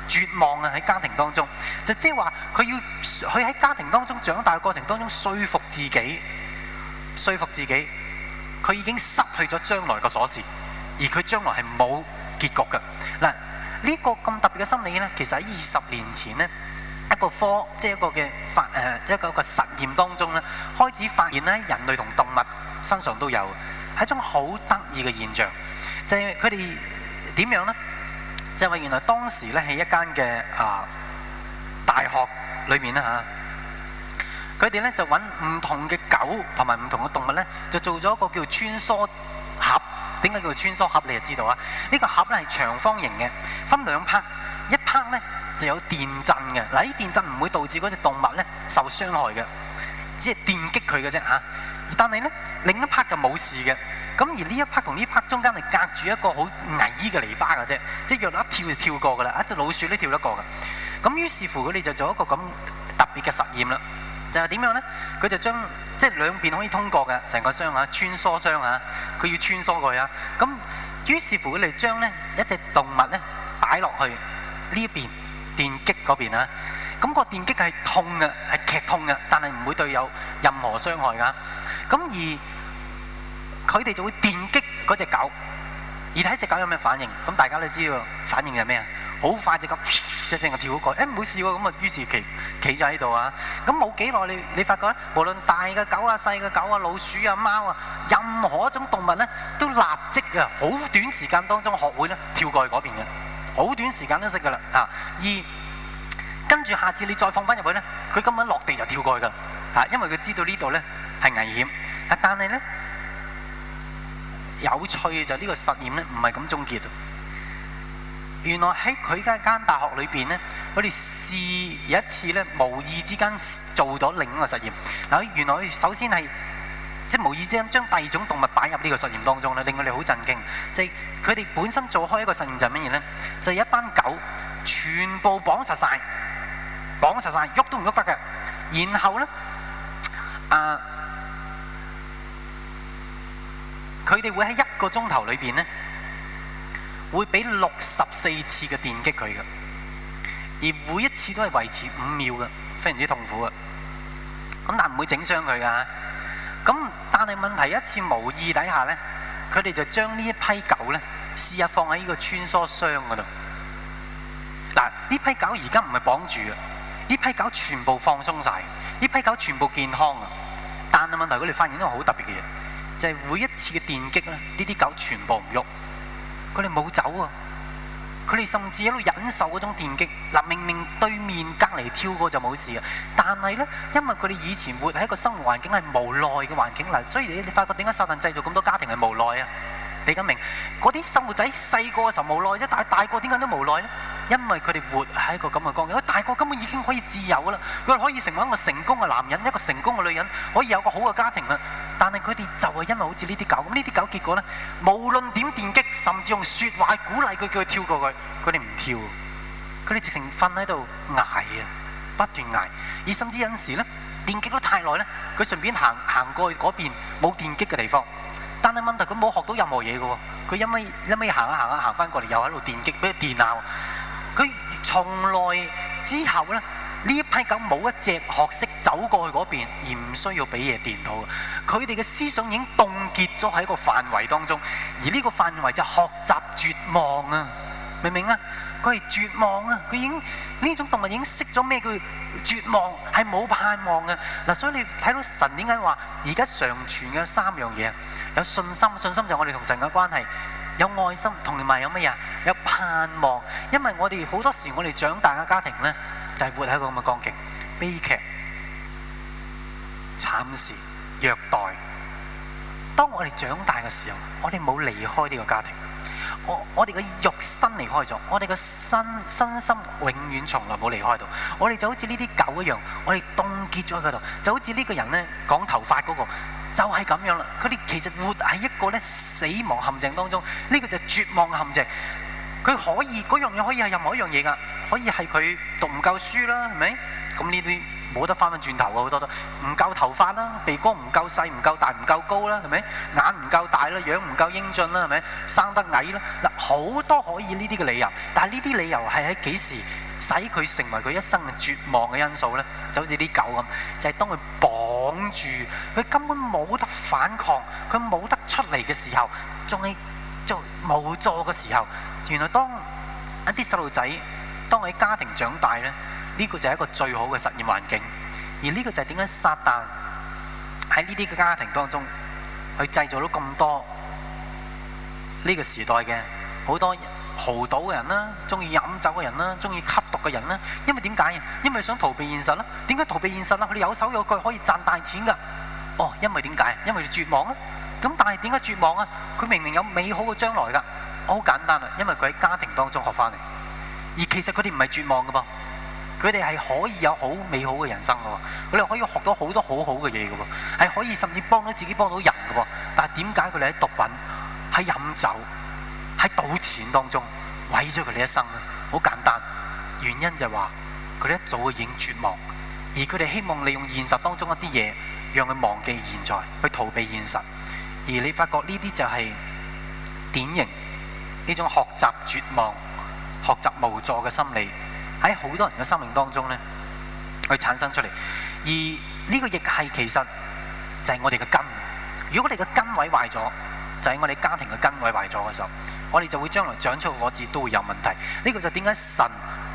絕望啊，喺家庭當中，就即係話佢要佢喺家庭當中長大嘅過程當中，說服自己，說服自己。佢已經失去咗將來個鎖匙，而佢將來係冇結局嘅。嗱，呢個咁特別嘅心理咧，其實喺二十年前咧，一個科，即係一個嘅發誒一個個實驗當中咧，開始發現咧人類同動物身上都有，係一種好得意嘅現象。就係佢哋點樣咧？就係話，原來當時咧喺一間嘅啊大學裏面啦嚇。啊佢哋咧就揾唔同嘅狗同埋唔同嘅動物咧，就做咗一個叫穿梭盒。點解叫穿梭盒？你就知道啊！呢個盒咧係長方形嘅，分兩 part，一 part 咧就有電震嘅。嗱，呢電震唔會導致嗰隻動物咧受傷害嘅，只係電擊佢嘅啫嚇。但係咧另一 part 就冇事嘅。咁而呢一 part 同呢 part 中間係隔住一個好矮嘅泥巴嘅啫，即係若一跳就跳過噶啦，一隻老鼠都跳得過嘅。咁於是乎佢哋就做一個咁特別嘅實驗啦。就係點樣咧？佢就將即係兩邊可以通過嘅成個箱啊，穿梭箱啊，佢要穿梭過去啊。咁於是乎，佢哋將咧一隻動物咧擺落去呢一邊電擊嗰邊啊。咁個電擊係痛嘅，係劇痛嘅，但係唔會對有任何傷害㗎。咁而佢哋就會電擊嗰隻狗，而睇隻狗有咩反應。咁大家都知道反應係咩啊？好快就咁，一聲就跳咗過，唔好試過咁啊！於是企企咗喺度啊！咁冇幾耐，你你發覺咧，無論大嘅狗啊、細嘅狗啊、老鼠啊、貓啊，任何一種動物咧，都立即啊，好短時間當中學會咧跳過去嗰邊嘅，好短時間都識噶啦啊！二跟住下次你再放翻入去咧，佢今晚落地就跳過去噶嚇、啊，因為佢知道這裡呢度咧係危險啊！但係咧有趣嘅就呢、呢個實驗咧，唔係咁終結。原來喺佢間間大學裏邊咧，佢哋試有一次咧，無意之間做咗另一個實驗。嗱，原來佢首先係即係無意之間將將第二種動物擺入呢個實驗當中咧，令我哋好震驚。即係佢哋本身做開一個實驗就係乜嘢咧？就係一班狗全部綁實晒，綁實晒喐都唔喐得嘅。然後咧，啊，佢哋會喺一個鐘頭裏邊咧。會俾六十四次嘅電擊佢嘅，而每一次都係維持五秒嘅，非常之痛苦嘅。咁但唔會整傷佢噶，咁但係問題一次無意底下咧，佢哋就將呢一批狗咧，試下放喺呢個穿梭箱嗰度。嗱，呢批狗而家唔係綁住嘅，呢批狗全部放鬆晒，呢批狗全部健康啊。但係問題是，佢哋發現一種好特別嘅嘢，就係、是、每一次嘅電擊咧，呢啲狗全部唔喐。佢哋冇走啊！佢哋甚至喺度忍受嗰種電擊。嗱，明明對面隔離跳過就冇事啊，但係咧，因為佢哋以前活喺一個生活環境係無奈嘅環境嚟，所以你你發覺點解受人製造咁多家庭係無奈啊？你敢明？嗰啲生活仔細個嘅時候無奈啫，但大大個點解都無奈咧？因為佢哋活喺一個咁嘅環境，佢大個根本已經可以自由啦。佢哋可以成為一個成功嘅男人，一個成功嘅女人，可以有個好嘅家庭啦。但係佢哋就係因為好似呢啲狗，咁呢啲狗結果咧，無論點電擊，甚至用説話鼓勵佢，叫佢跳過去，佢哋唔跳，佢哋直情瞓喺度捱啊，不斷捱。而甚至有陣時咧，電擊得太耐咧，佢順便行行過去嗰邊冇電擊嘅地方。但係問題佢冇學到任何嘢㗎喎，佢一味一味行下行下行翻過嚟，又喺度電擊俾電鬧。佢從來之後呢，呢一批狗冇一隻學識走過去嗰邊，而唔需要俾嘢電到。佢哋嘅思想已經凍結咗喺個範圍當中，而呢個範圍就學習絕望啊！明唔明啊？佢係絕望啊！佢已經呢種動物已經識咗咩叫絕望，係冇盼望嘅嗱。所以你睇到神點解話而家常存嘅三樣嘢有信心，信心就係我哋同神嘅關係。有愛心，同埋有乜嘢啊？有盼望，因為我哋好多時，我哋長大嘅家庭呢，就係活喺一個咁嘅光景，悲劇、慘事、虐待。當我哋長大嘅時候，我哋冇離開呢個家庭。我我哋嘅肉身離開咗，我哋嘅身身心永遠從來冇離開到。我哋就好似呢啲狗一樣，我哋凍結咗喺嗰度，就好似呢個人呢講頭髮嗰個。就係咁樣啦，佢哋其實活喺一個咧死亡陷阱當中，呢個就係絕望陷阱。佢可以嗰樣嘢可以係任何一樣嘢噶，可以係佢讀唔夠書啦，係咪？咁呢啲冇得翻返轉頭嘅，好多都唔夠頭髮啦，鼻哥唔夠細、唔夠大、唔夠高啦，係咪？眼唔夠大啦，樣唔夠英俊啦，係咪？生得矮啦，嗱好多可以呢啲嘅理由，但係呢啲理由係喺幾時？使佢成為佢一生嘅絕望嘅因素咧，就好似啲狗咁，就係、是、當佢綁住，佢根本冇得反抗，佢冇得出嚟嘅時候，仲係就冇助嘅時候。原來當一啲細路仔當喺家庭長大咧，呢、這個就係一個最好嘅實驗環境。而呢個就係點解撒旦喺呢啲嘅家庭當中，去製造咗咁多呢、這個時代嘅好多。豪賭嘅人啦，中意飲酒嘅人啦，中意吸毒嘅人啦，因為點解？因為想逃避現實啦。點解逃避現實啦？佢哋有手有腳可以賺大錢噶。哦，因為點解？因為佢絕望啦。咁但係點解絕望啊？佢明明有美好嘅將來㗎。好簡單啊，因為佢喺家庭當中學翻嚟。而其實佢哋唔係絕望㗎噃，佢哋係可以有好美好嘅人生㗎喎。佢哋可以學到好多好好嘅嘢㗎喎，係可以甚至幫到自己、幫到人㗎喎。但係點解佢哋喺毒品、喺飲酒？喺賭錢當中毀咗佢哋一生啊！好簡單，原因就係話佢哋一早已經絕望，而佢哋希望利用現實當中一啲嘢，讓佢忘記現在，去逃避現實。而你發覺呢啲就係典型呢種學習絕望、學習無助嘅心理，喺好多人嘅生命當中咧，去產生出嚟。而呢個亦係其實就係我哋嘅根。如果你嘅根位壞咗，就係我哋家庭嘅根位壞咗嘅時候。我哋就會將來長出個字都會有問題，呢、呢個就點解神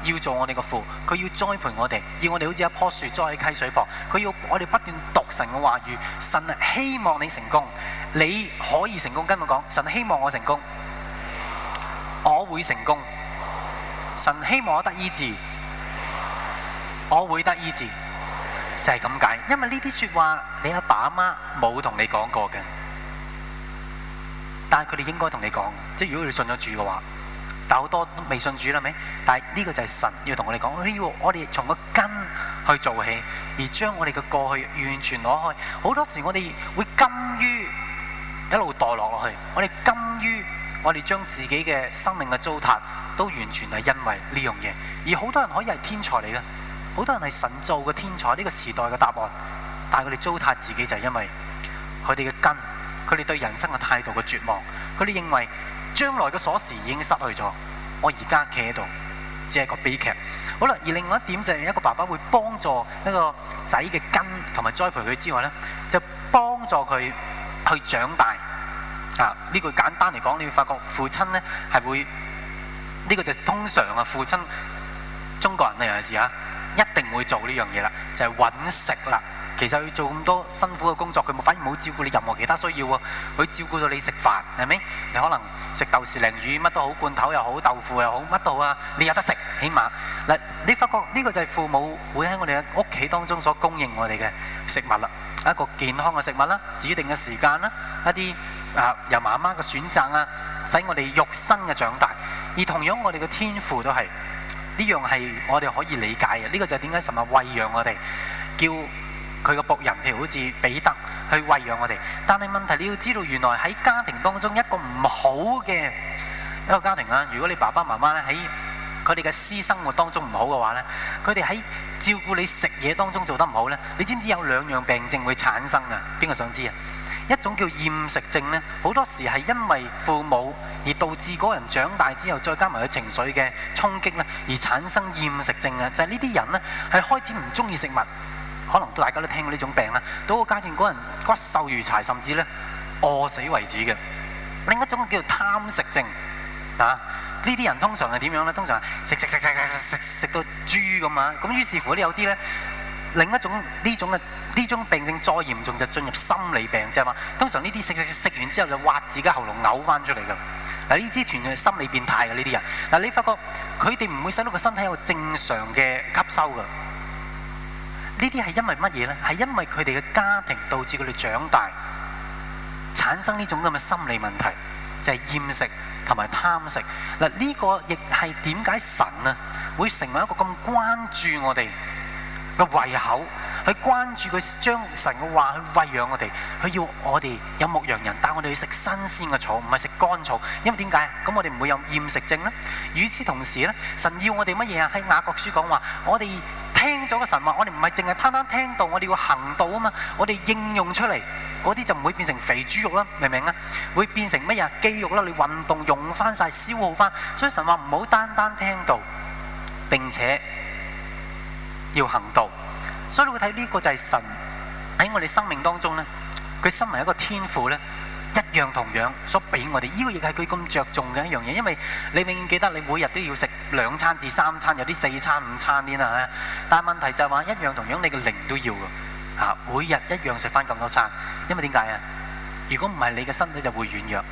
要做我哋個父？佢要栽培我哋，要我哋好似一棵樹栽喺溪水旁。佢要我哋不斷讀神嘅話語。神希望你成功，你可以成功，跟我講。神希望我成功，我會成功。神希望我得醫治，我會得醫治，就係咁解。因為呢啲說話，你阿爸阿媽冇同你講過嘅。但係佢哋應該同你講，即係如果你信咗主嘅話，但係好多都未信主啦，咩？但係呢個就係神要同我哋講，要我哋從個根去做起，而將我哋嘅過去完全攞開。好多時候我哋會甘於一路墮落落去，我哋甘於我哋將自己嘅生命嘅糟蹋，都完全係因為呢樣嘢。而好多人可以係天才嚟嘅，好多人係神造嘅天才。呢個時代嘅答案，但係佢哋糟蹋自己就係因為佢哋嘅根。佢哋對人生嘅態度嘅絕望，佢哋認為將來嘅鎖匙已經失去咗，我而家企喺度，只係個悲劇。好啦，而另外一點就係一個爸爸會幫助一個仔嘅根同埋栽培佢之外呢，就幫助佢去長大。啊，呢句簡單嚟講，你會發覺父親呢係會呢個就通常啊，父親中國人啊有陣時嚇一定會做呢樣嘢啦，就係揾食啦。其實要做咁多辛苦嘅工作，佢冇反而冇照顧你任何其他需要喎。佢照顧到你食飯，係咪？你可能食豆豉鯪魚乜都好，罐頭又好，豆腐又好，乜都啊，你有得食，起碼嗱，你發覺呢、這個就係父母會喺我哋嘅屋企當中所供應我哋嘅食物啦，一個健康嘅食物啦，指定嘅時間啦，一啲啊由媽媽嘅選擇啊，使我哋肉身嘅長大。而同樣我哋嘅天賦都係呢樣係我哋可以理解嘅。呢、這個就係點解神話餵養我哋叫。佢個僕人，譬如好似彼得去餵養我哋，但係問題你要知道，原來喺家庭當中一個唔好嘅一個家庭啊。如果你爸爸媽媽咧，喺佢哋嘅私生活當中唔好嘅話咧，佢哋喺照顧你食嘢當中做得唔好咧，你知唔知有兩樣病症會產生啊？邊個想知啊？一種叫厭食症咧，好多時係因為父母而導致嗰人長大之後，再加埋佢情緒嘅衝擊咧，而產生厭食症啊！就係呢啲人咧，係開始唔中意食物。可能大家都聽過呢種病啦，到個階段嗰人骨瘦如柴，甚至咧餓死為止嘅。另一種叫做貪食症，啊，呢啲人通常係點樣咧？通常係食食食食食食食食到豬咁啊！咁於是乎咧，有啲咧另一種呢種嘅呢種，種病症再嚴重就進入心理病即係嘛、啊。通常呢啲食食食完之後就挖自己喉嚨嘔翻出嚟㗎。嗱，呢支團係心理變態嘅呢啲人。嗱、啊，你發覺佢哋唔會使到個身體有正常嘅吸收㗎。呢啲係因為乜嘢呢？係因為佢哋嘅家庭導致佢哋長大，產生呢種咁嘅心理問題，就係、係、厭食同埋貪食。嗱，呢個亦係點解神啊會成為一個咁關注我哋嘅胃口？去關注佢將神嘅話去餵養我哋，佢要我哋有牧羊人，帶我哋去食新鮮嘅草，唔係食乾草，因為點解？咁我哋唔會有厭食症啦。與此同時咧，神要我哋乜嘢啊？喺雅各書講話，我哋聽咗個神話，我哋唔係淨係單單聽到，我哋要行道啊嘛。我哋應用出嚟嗰啲就唔會變成肥豬肉啦，明唔明啊？會變成乜嘢？肌肉啦，你運動用翻晒，消耗翻，所以神話唔好單單聽到，並且要行道。所以你會睇呢個就係神喺我哋生命當中咧，佢身為一個天父咧，一樣同樣所俾我哋，呢個亦係佢咁著重嘅一樣嘢。因為你永遠記得，你每日都要食兩餐至三餐，有啲四餐五餐添啊！但係問題就係話一樣同樣，你個靈都要㗎嚇，每日一樣食返咁多餐，因為點解啊？如果唔係你嘅身體就會軟弱，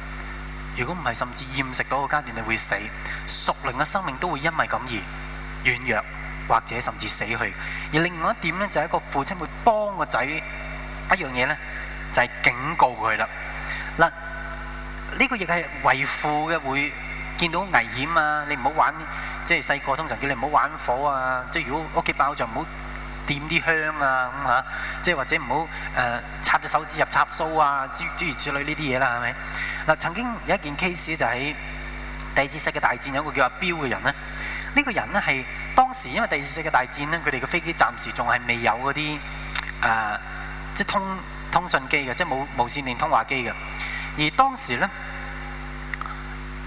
如果唔係甚至厭食嗰個階段，你會死。屬靈嘅生命都會因為咁而軟弱。或者甚至死去。而另外一點咧，就係一個父親會幫個仔一樣嘢咧，就係警告佢啦。嗱，呢個亦係為父嘅會見到危險啊！你唔好玩，即係細個通常叫你唔好玩火啊！即係如果屋企爆炸，唔好掂啲香啊咁嚇。即係或者唔好誒插隻手指入插蘇啊，諸諸如此類呢啲嘢啦，係咪？嗱，曾經有一件 case 就喺第二次世界大戰有一個叫阿彪嘅人咧，呢個人咧係。當時因為第二次世界大戰咧，佢哋嘅飛機暫時仲係未有嗰啲誒，即係通通訊機嘅，即係冇無線電通話機嘅。而當時咧，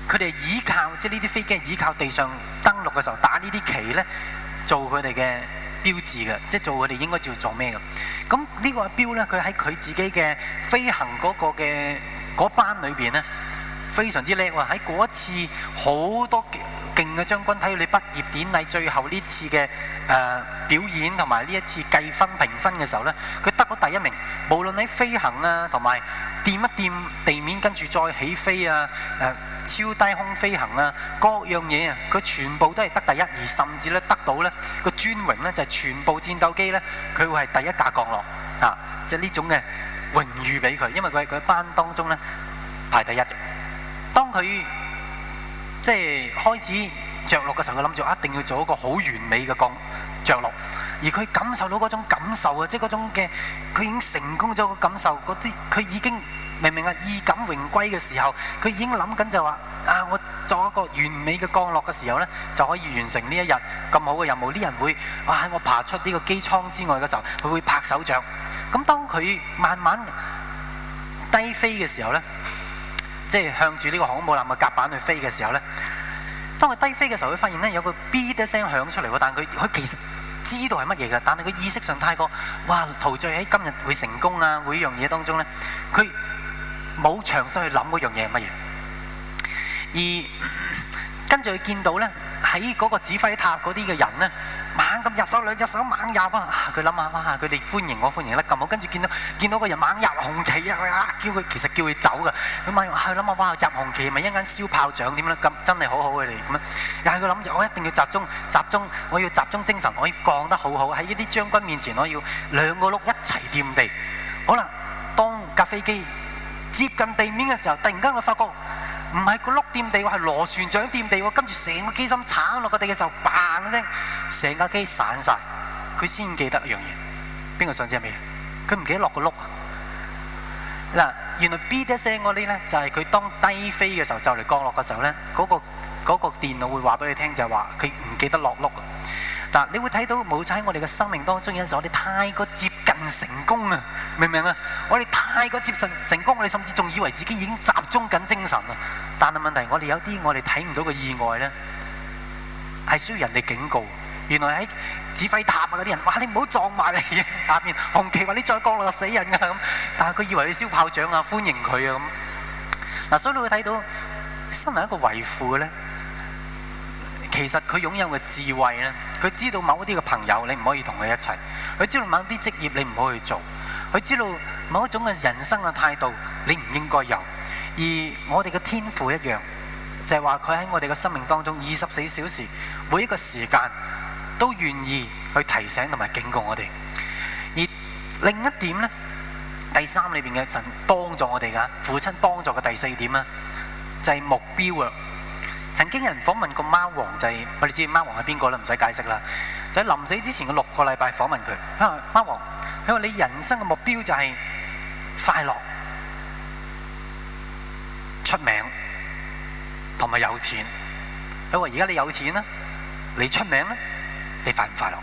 佢哋依靠即係呢啲飛機係依靠地上登陸嘅時候打呢啲旗咧，做佢哋嘅標誌嘅，即係做佢哋應該叫做咩嘅。咁呢個標咧，佢喺佢自己嘅飛行嗰個嘅嗰班裏邊咧，非常之叻喎。喺嗰一次好多嘅。敬嘅將軍，睇到你畢業典禮最後呢次嘅誒表演同埋呢一次計分評分嘅時候咧，佢得咗第一名。無論你飛行啊，同埋掂一掂地面跟住再起飛啊，誒超低空飛行啊，各樣嘢啊，佢全部都係得第一，而甚至咧得到呢個尊榮咧，就係全部戰鬥機咧，佢會係第一架降落啊，即係呢種嘅榮譽俾佢，因為佢喺佢班當中咧排第一嘅。當佢即係開始着落嘅時候，佢諗住一定要做一個好完美嘅降着落，而佢感受到嗰種感受啊，即係嗰種嘅，佢已經成功咗個感受，嗰啲佢已經明唔明啊？衣錦榮歸嘅時候，佢已經諗緊就話啊，我做一個完美嘅降落嘅時候呢，就可以完成呢一日咁好嘅任務。啲人會喺我爬出呢個機艙之外嘅時候，佢會拍手掌。咁當佢慢慢低飛嘅時候呢。即係向住呢個航空母艦嘅甲板去飛嘅時候咧，當佢低飛嘅時候，佢發現咧有一個 B 的聲響出嚟喎。但係佢佢其實知道係乜嘢嘅，但係佢意識上太過哇，陶醉喺今日會成功啊，每樣嘢當中咧，佢冇詳細去諗嗰樣嘢係乜嘢。而跟住佢見到咧喺嗰個指揮塔嗰啲嘅人咧。猛咁入手，兩隻手猛入啊！佢諗下，哇！佢哋歡迎我，歡迎啦，咁好。跟住見到見到個人猛入紅旗啊！叫佢其實叫佢走噶。咁啊，佢諗下，哇、啊！入紅旗咪一間燒炮仗點咧？咁真係好好嘅嚟咁樣。但係佢諗住，我一定要集中，集中，我要集中精神，我要降得好好喺呢啲將軍面前，我要兩個碌一齊掂地。好啦，當架飛機接近地面嘅時候，突然間我發覺。唔係個碌掂地喎，係螺旋槳掂地喎，跟住成個機身鏟落個地嘅時候，bang 一聲，成架機散曬，佢先記得一樣嘢。邊個想知係咩嘢？佢唔記得落個碌。嗱，原來 B 啲聲嗰啲咧，就係佢當低飛嘅時候就嚟降落嘅時候咧，嗰個嗰個電腦會話俾你聽，就係話佢唔記得落碌。嗱，你會睇到冇錯，喺我哋嘅生命當中，有時候你太過接。成功啊，明唔明啊？我哋太過接受成功，我哋甚至仲以為自己已經集中緊精神啊！但係問題，我哋有啲我哋睇唔到嘅意外咧，係需要人哋警告。原來喺指揮塔嗰啲人，哇！你唔好撞埋嚟啊！下面紅旗話你再降落死人噶咁，但係佢以為你燒炮仗啊，歡迎佢啊咁。嗱，所以你會睇到，身為一個為父嘅咧。其實佢擁有嘅智慧呢，佢知道某啲嘅朋友你唔可以同佢一齊，佢知道某啲職業你唔好去做，佢知道某一種嘅人生嘅態度你唔應該有。而我哋嘅天父一樣，就係話佢喺我哋嘅生命當中，二十四小時每一個時間都願意去提醒同埋警告我哋。而另一點呢，第三裏邊嘅神幫助我哋㗎，父親幫助嘅第四點呢，就係目標啊！曾經有人訪問過貓王就係，我哋知貓王係邊個啦，唔使解釋啦。就喺臨死之前嘅六個禮拜訪問佢，啊貓王，佢話你人生嘅目標就係快樂、出名同埋有錢。佢話而家你有錢咧，你出名咧，你快唔快樂？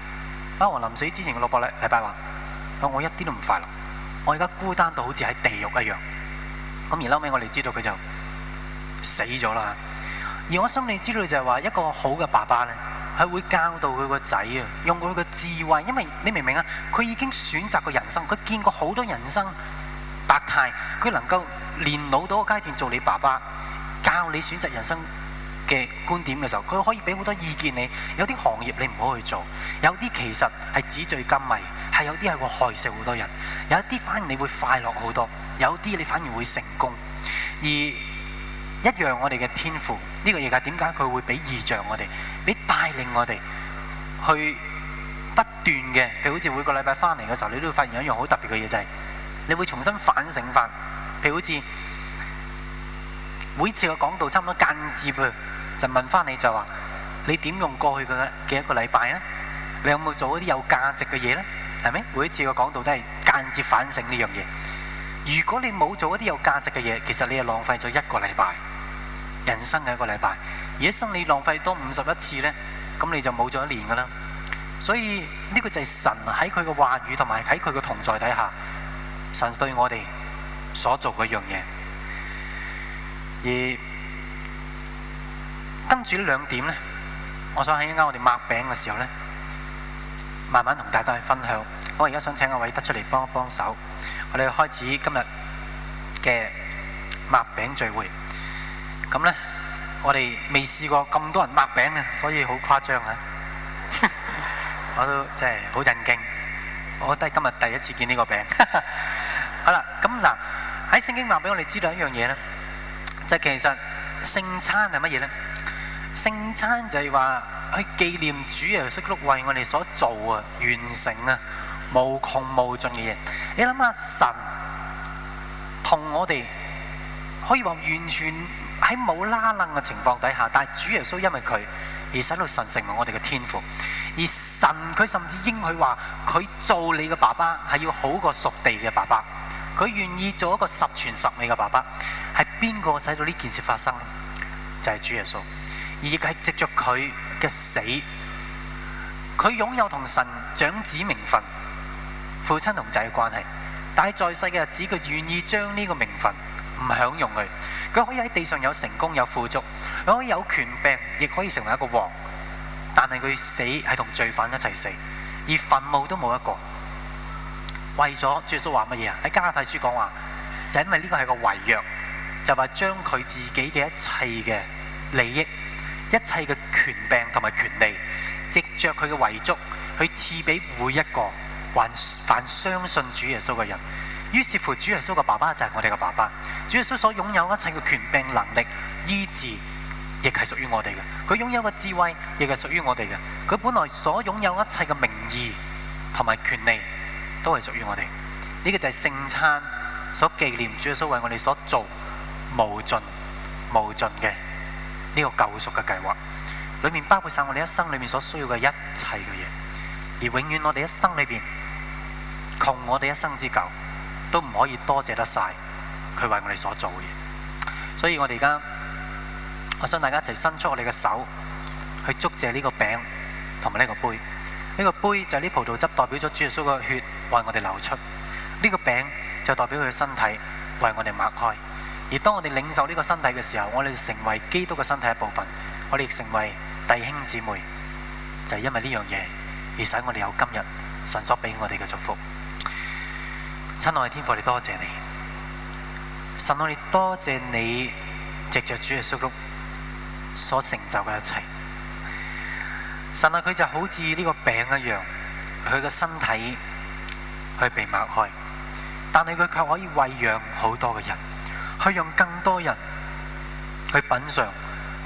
貓王臨死之前嘅六個禮拜話：我一啲都唔快樂，我而家孤單到好似喺地獄一樣。咁而撈尾我哋知道佢就死咗啦。而我心裡知道就係話，一個好嘅爸爸咧，係會教導佢個仔啊，用佢個智慧，因為你明唔明啊？佢已經選擇過人生，佢見過好多人生百態，佢能夠年老到個階段做你爸爸，教你選擇人生嘅觀點嘅時候，佢可以俾好多意見你。有啲行業你唔好去做，有啲其實係紙醉金迷，係有啲係會害死好多人。有一啲反而你會快樂好多，有啲你反而會成功，而。一樣我哋嘅天賦，呢個嘢係點解佢會俾異象我哋，俾帶領我哋去不斷嘅，譬如好似每個禮拜翻嚟嘅時候，你都會發現有一樣好特別嘅嘢就係，你會重新反省翻，譬如好似每次嘅講道差唔多間接就問翻你就話，你點用過去嘅幾一個禮拜咧？你有冇做一啲有價值嘅嘢咧？係咪？每一次嘅講道都係間接反省呢樣嘢。如果你冇做一啲有價值嘅嘢，其實你係浪費咗一個禮拜，人生嘅一個禮拜。而一生你浪費多五十一次咧，咁你就冇咗一年噶啦。所以呢個就係神喺佢嘅話語同埋喺佢嘅同在底下，神對我哋所做嘅樣嘢。而跟住呢兩點咧，我想喺一陣間我哋抹餅嘅時候咧，慢慢同大家去分享。我而家想請阿偉德出嚟幫一幫手。我哋開始今日嘅麥餅聚會，咁呢，我哋未試過咁多人麥餅，所以好誇張。 我都真係好震驚，我覺得今日第一次見呢個餅。 好啦，咁嗱喺聖經話俾我哋知道一樣嘢咧，就係、其實聖餐係乜嘢咧？聖餐就係話去紀念主耶穌為我哋所做，完成。無窮無盡嘅嘢，你諗下神同我哋可以話完全喺冇拉楞嘅情況底下，但係主耶穌因為佢而使到神成為我哋嘅天父，而神佢甚至應許話佢做你嘅爸爸係要好過屬地嘅爸爸，佢願意做一個十全十美嘅爸爸，係邊個使到呢件事發生呢？就係、是、主耶穌，而亦係藉着佢嘅死，佢擁有同神長子名分。父親同仔嘅關係，但係在世嘅日子，佢願意將呢個名分唔享用佢。佢可以喺地上有成功、有富足，佢可以有權柄，亦可以成為一個王。但係佢死係同罪犯一齊死，而墳墓都冇一個。為咗主耶穌話乜嘢啊？喺加拉太書講話，就是、因為呢個係個遺約，就話、是、將佢自己嘅一切嘅利益、一切嘅權柄同埋權利，藉着佢嘅遺囑去賜俾每一個。凡相信主耶穌嘅人，於是乎，主耶穌嘅爸爸就係我哋嘅爸爸。主耶穌所擁有一切嘅權柄、能力、醫治，亦係屬於我哋嘅。佢擁有嘅智慧，亦係屬於我哋嘅。佢本來所擁有一切嘅名義同埋權利，都係屬於我哋。呢個就係聖餐所紀念主耶穌為我哋所做無盡無盡嘅呢個救贖嘅計劃，裏面包括晒我哋一生裏面所需要嘅一切嘅嘢，而永遠我哋一生裏邊。窮我哋一生之久，都唔可以多謝得晒佢為我哋所做嘅嘢。所以我哋而家，我想大家一齊伸出我哋嘅手，去捉借呢個餅同埋呢個杯。呢、這個杯就係啲葡萄汁，代表咗主耶穌嘅血為我哋流出。呢、這個餅就代表佢嘅身體為我哋擘開。而當我哋領受呢個身體嘅時候，我哋成為基督嘅身體一部分。我哋亦成為弟兄姊妹，就係、是、因為呢樣嘢，而使我哋有今日神所俾我哋嘅祝福。親愛的天父，你多謝你，神啊，我哋多謝你藉着主耶穌基督所成就嘅一切。神啊，佢就好似呢個餅一樣，佢個身體去被擘開，但係佢卻可以餵養好多嘅人，去讓更多人去品嘗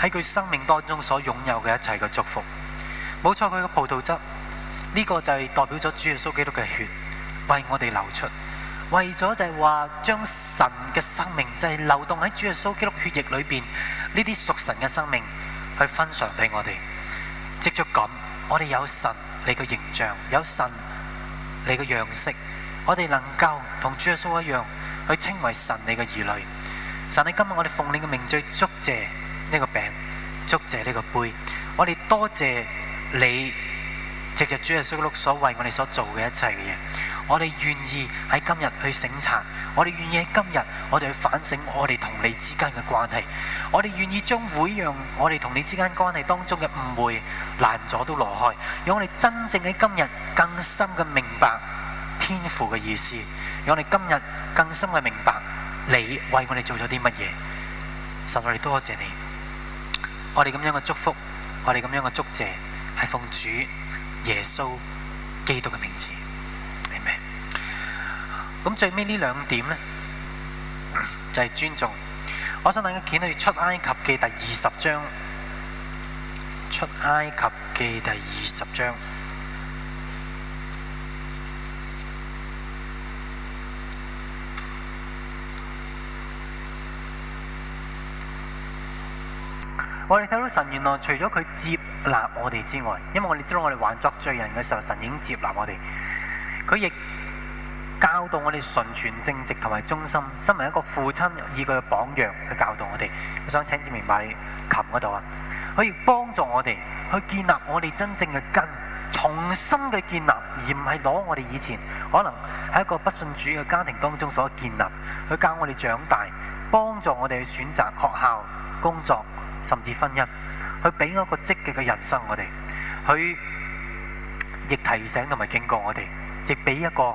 喺佢生命當中所擁有嘅一切嘅祝福。冇錯，佢嘅葡萄汁呢、呢個就係代表咗主耶穌基督嘅血為我哋流出。為咗就係話將神嘅生命就係、是、流動喺主耶穌基督血液裏邊，呢啲屬神嘅生命去分享俾我哋。藉着咁，我哋有神你嘅形象，有神你嘅樣式，我哋能夠同主耶穌一樣，去稱為神你嘅兒女。神你今日我哋奉你嘅名，最祝謝呢個餅，祝謝呢個，個杯，我哋多謝你，藉着主耶穌基督所為我哋所做嘅一切嘅嘢。我哋願意喺今日去省察，我哋願意喺今日，我哋去反省我哋同你之間嘅關係。我哋願意將每樣我哋同你之間關係當中嘅誤會難阻都挪開，讓我哋真正喺今日更深嘅明白天父嘅意思，讓我哋今日更深嘅明白你為我哋做咗啲乜嘢。神，我哋多謝你，我哋咁樣嘅祝福，我哋咁樣嘅祝謝，係奉主耶穌基督嘅名字。咁最尾呢兩點呢，就係尊重。我想大家見到《出埃及記》第二十章，《出埃及記》第二十章。我哋睇到神原來除咗佢接納我哋之外，因為我哋知道我哋還作罪人嘅時候，神已經接納我哋。佢亦教導我哋純全正直同埋忠心。身為一個父親，以佢嘅榜樣去教導我哋。我想請志明喺琴嗰度啊，可以幫助我哋去建立我哋真正嘅根，重新嘅建立，而唔係攞我哋以前可能喺一個不信主嘅家庭當中所建立。佢教我哋長大，幫助我哋去選擇學校、工作，甚至婚姻。佢俾我一個積極嘅人生，我哋。佢亦提醒同埋警告我哋，亦俾一個。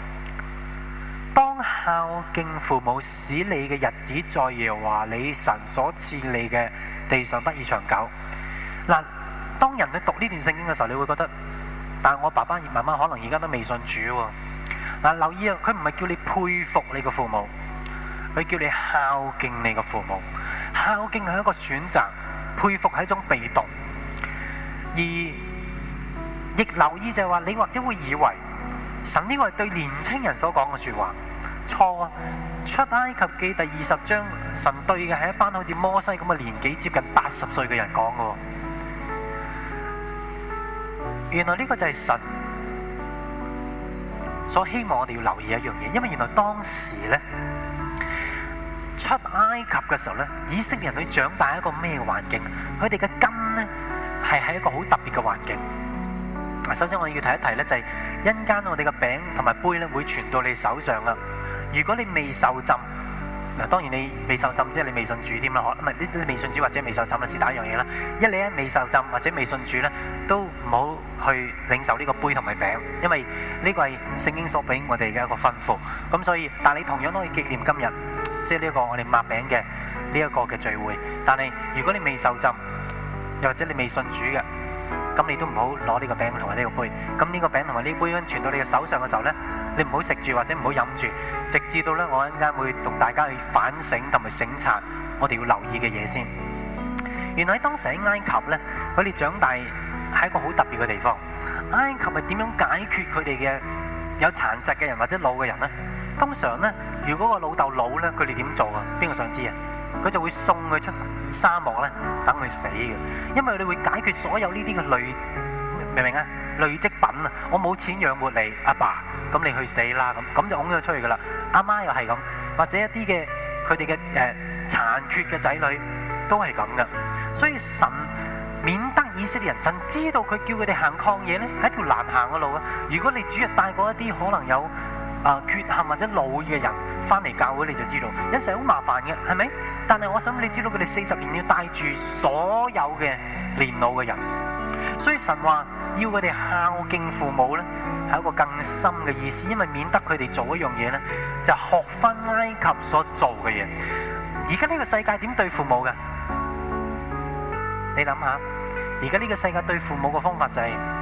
當孝敬父母，使你嘅日子在耶和華你神所賜你嘅地上得以長久。嗱，當人去讀呢段聖經嘅時候，你會覺得，但係我爸爸、媽媽可能而家都未信主。嗱，留意啊，佢唔係叫你佩服你嘅父母，佢叫你孝敬你嘅父母。孝敬係一個選擇，佩服係一種被動。而亦留意就係話，你或者會以為。神呢個係對年輕人所講嘅說話，錯啊。出埃及記第二十章，神對嘅係一班好似摩西咁嘅年紀接近八十歲嘅人講嘅。原來呢個就係神所希望我哋要留意一樣嘢，因為原來當時咧出埃及嘅時候咧，以色列人佢長大喺一個咩環境？佢哋嘅根咧係喺一個好特別嘅環境。首先我要提一提咧、就是，就係一陣間我哋嘅餅同埋杯咧，會傳到你手上㗎。如果你未受浸，嗱當然你未受浸，即係你未信主添啦，可唔係？你你未信主或者未受浸，咪係第一樣嘢啦。一你一未受浸或者未信主咧，都唔好去領受呢個杯同埋餅，因為呢個係聖經所俾我哋嘅一個吩咐。咁所以，但係你同樣都可以紀念今日，即係呢個我哋擘餅嘅呢一個嘅聚會。但係如果你未受浸，又或者你未信主嘅。咁你都唔好攞呢個餅同埋呢個杯，咁呢個餅同埋呢杯咧傳到你嘅手上嘅時候呢，你唔好食住或者唔好飲住，直至到呢我一陣間會同大家去反省同埋省察，我哋要留意嘅嘢先。原來喺當時喺埃及呢，佢哋長大係一個好特別嘅地方。埃及係點樣解決佢哋嘅有殘疾嘅人或者老嘅人呢？通常呢，如果個老豆老呢，佢哋點做啊？邊個想知啊？佢就會送佢出沙漠呢，等佢死嘅。因為你會解決所有呢啲嘅累，明唔明啊？累積品啊！我冇錢養活你，阿爸，爸，咁你去死啦！咁咁就拱咗出去噶啦。阿媽又係咁，或者一啲嘅佢哋嘅誒殘缺嘅仔女都係咁噶。所以神免得以色列人，神知道佢叫佢哋行曠野，咧係條難行嘅路啊！如果你主日帶過一啲可能有。呃、缺陷或者老嘅人翻嚟教會，你就知道，一世好麻煩嘅，係咪？但係我想你知道佢哋四十年要帶住所有嘅年老嘅人，所以神話要佢哋孝敬父母呢，係一個更深嘅意思，因為免得佢哋做一樣嘢呢就是，學翻埃及所做嘅嘢。而家呢個世界點對父母嘅？你諗下，而家呢個世界對父母嘅方法就係，是。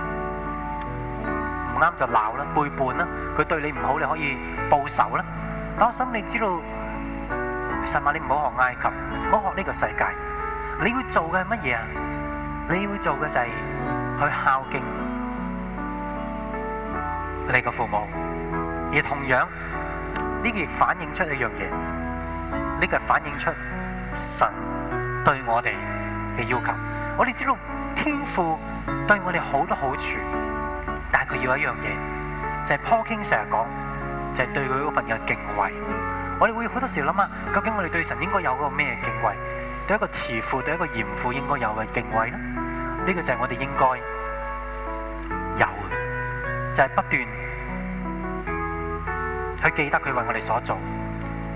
啱就鬧啦，背叛啦，佢對你唔好，你可以報仇啦。但我想你知道，神話你唔好學埃及，唔好學呢個世界，你要做嘅係乜嘢啊？你要做嘅就係去孝敬你個父母，而同樣呢個亦反映出一樣嘢，呢個反映出神對我哋嘅要求。我哋知道天父對我哋好多好處。但係佢要一樣嘢，就係 Paul King 成日講，就係對佢嗰份嘅敬畏。我哋會好多時諗下，究竟我哋對神應該有嗰個咩敬畏？對一個慈父，對一個嚴父應該有嘅敬畏咧？呢個就係我哋應該有嘅，就係不斷去記得佢為我哋所做，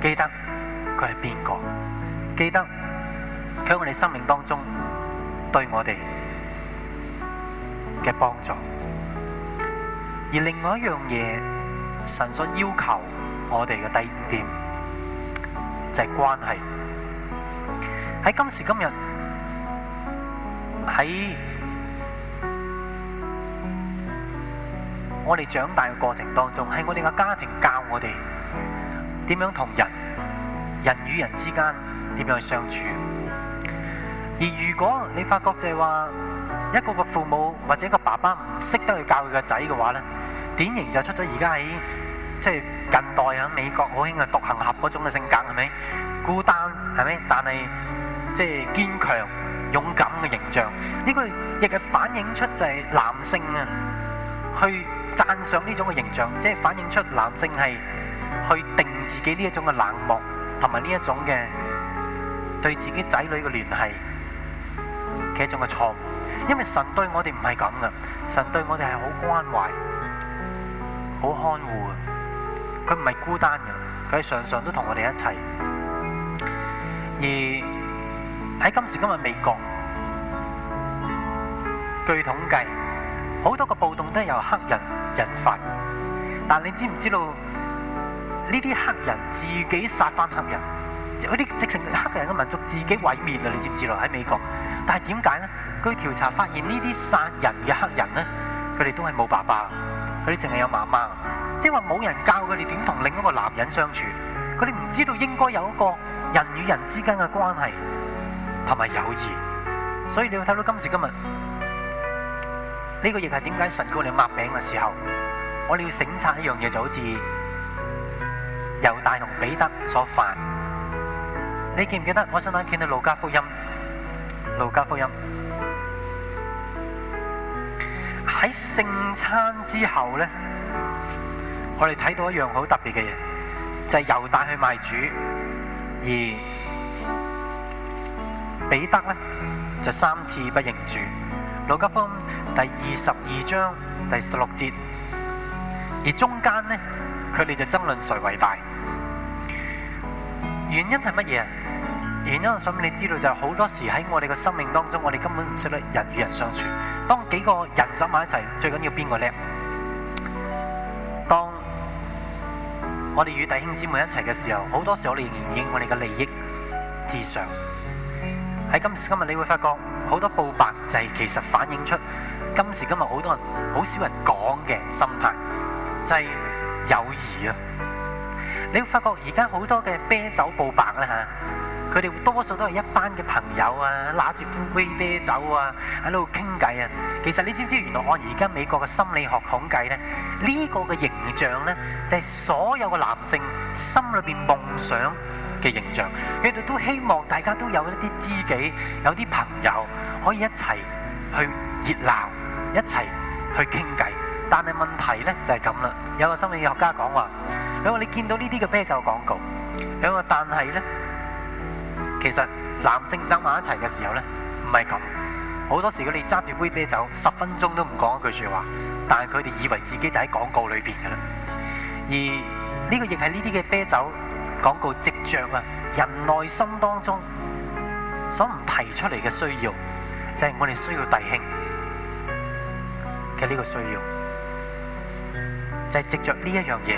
記得佢係邊個，記得佢喺我哋生命當中對我哋嘅幫助。而另外一樣嘢，神所要求我哋嘅第五點就係關係。喺今時今日，喺我哋長大嘅過程當中，喺我哋嘅家庭教我哋點樣同人、人與人之間點樣去相處。而如果你發覺就係話一個個父母或者一個爸爸唔識得去教佢個仔嘅話咧，典型就出咗而家喺即係近代響美國好興嘅獨行俠嗰種嘅性格，係咪孤單係咪？但係即係堅強勇敢嘅形象，呢個亦係反映出就係男性啊，去讚賞呢種嘅形象，即係反映出男性係去定自己呢一種嘅冷漠同埋呢一種嘅對自己仔女嘅聯繫，嘅一種嘅錯誤。因為神對我哋唔係咁嘅，神對我哋係好關懷。好看護，佢唔係孤單嘅，佢係常常都同我哋一齊。而喺今時今日美國，據統計，好多個暴動都係由黑人引發，但你知唔知道呢啲黑人自己殺返黑人，有啲直情係黑人嘅民族自己毀滅啦！你知唔知啦？喺美國，但係點解呢？據調查發現，呢啲殺人嘅黑人呢，佢哋都係冇爸爸。佢哋淨係有媽媽，即係話冇人教佢哋點同另一個男人相處，佢哋唔知道應該有一個人與人之間嘅關係同埋友誼，所以你會睇到今時今日，呢個亦係點解神叫你抹餅嘅時候，我哋要省察一樣嘢，就好似由大同彼得所犯。你記唔記得？我想睇見到路加福音，路加福音。喺聖餐之後呢，我哋睇到一樣好特別嘅嘢，就係、是、猶大去賣主，而彼得呢，就三次不認主。路加福音第二十二章第十六節，而中間呢，佢哋就爭論誰為大。原因係乜嘢？原因我想你知道，就好多時喺我哋嘅生命當中，我哋根本唔識得人與人相處。當幾個人走埋一齊，最緊要邊個叻？當我哋與弟兄姊妹一齊嘅時候，好多時候我哋仍然以我哋嘅利益至上。喺今時今日你會發很多就是，你會發覺好多報白就係其實反映出今時今日好多人好少人講嘅心態，就係友誼啊！你會發覺而家好多嘅啤酒報白咧吓。佢哋多數都係一班嘅朋友啊，拿住杯啤酒啊，喺度傾偈啊。其實你知唔知？原來按而家美國嘅心理學統計呢，呢個嘅形象呢，就係所有嘅男性心裏邊夢想嘅形象。佢哋都希望大家都有一啲知己，有啲朋友可以一齊去熱鬧，一齊去傾偈。但係問題呢，就係咁啦。有個心理學家講話，佢話你見到呢啲嘅啤酒廣告，佢話但係呢，其實男性走埋一齊嘅時候呢，唔係咁。好多時佢哋揸住杯啤酒，十分鐘都唔講一句說話，但係佢哋以為自己就喺廣告裏邊嘅啦。而呢個亦係呢啲嘅啤酒廣告藉着啊，人內心當中所唔提出嚟嘅需要，就係、是、我哋需要弟兄嘅呢個需要，就係、是、藉着呢一樣嘢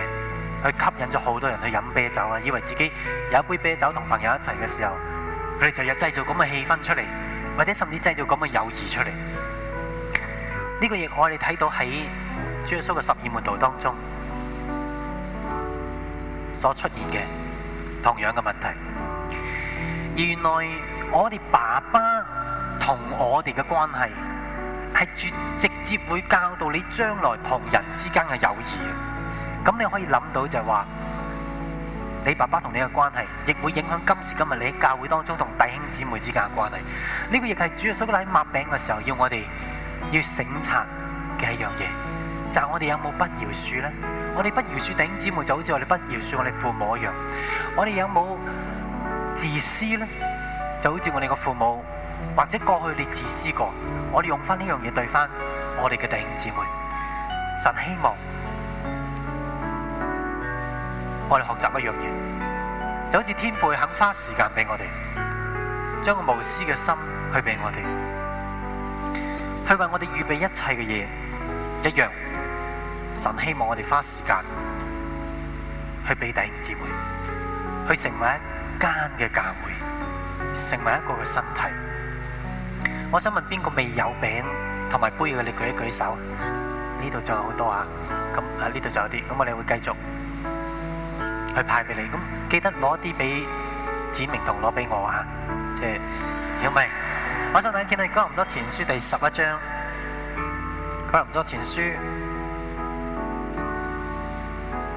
去吸引咗好多人去飲啤酒啊！以為自己有一杯啤酒同朋友一齊嘅時候。佢哋就有製造咁嘅氣氛出嚟，或者甚至製造咁嘅友誼出嚟。呢、這個亦我哋睇到喺約書的耶穌嘅十二門徒當中所出現嘅同樣嘅問題。原來我哋爸爸同我哋嘅關係係直接會教導你將來同人之間嘅友誼。咁你可以諗到就係話。你爸爸同你嘅關係，亦會影響今時今日你喺教會當中同弟兄姊妹之間嘅關係。呢、這個亦係主耶穌喺擘餅嘅時候要我哋要省察嘅一樣嘢，就係、是、我哋有冇不饒恕呢？我哋不饒恕弟兄姊妹，就好似我哋不饒恕我哋父母一樣。我哋有冇自私呢？就好似我哋嘅父母，或者過去你自私過，我哋用翻呢樣嘢對翻我哋嘅弟兄姊妹。神希望。我哋學習一樣嘢，就好似天父肯花時間畀我哋，將個無私嘅心去畀我哋，去為我哋預備一切嘅嘢一樣。神希望我哋花時間去俾弟兄姊妹，去成為一間嘅教會，成為一個嘅身體。我想問邊個未有餅同埋杯嘅，你舉一舉手？呢度仲有好多啊，咁喺呢度仲有啲，咁我哋會繼續。佢派俾你，咁記得攞啲俾子明同攞俾我啊！即係小明，我想睇見你哥林多前書第十一章，哥林多前書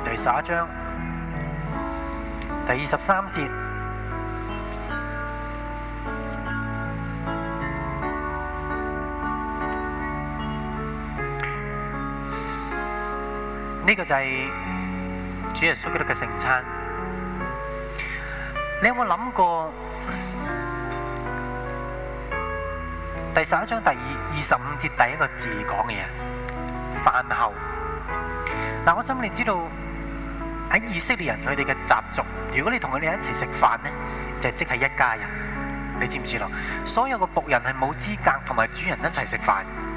第十一章第二十三節，呢個就係。主耶穌嘅聖餐，你有冇諗過？第十一章第二二十五節第一個字講嘅嘢，飯後。嗱，我想你知道喺以色列人佢哋嘅習俗，如果你同佢哋一齊食飯咧，就即係一家人，你知唔知咯？所有嘅僕人係冇資格同埋主人一齊食飯。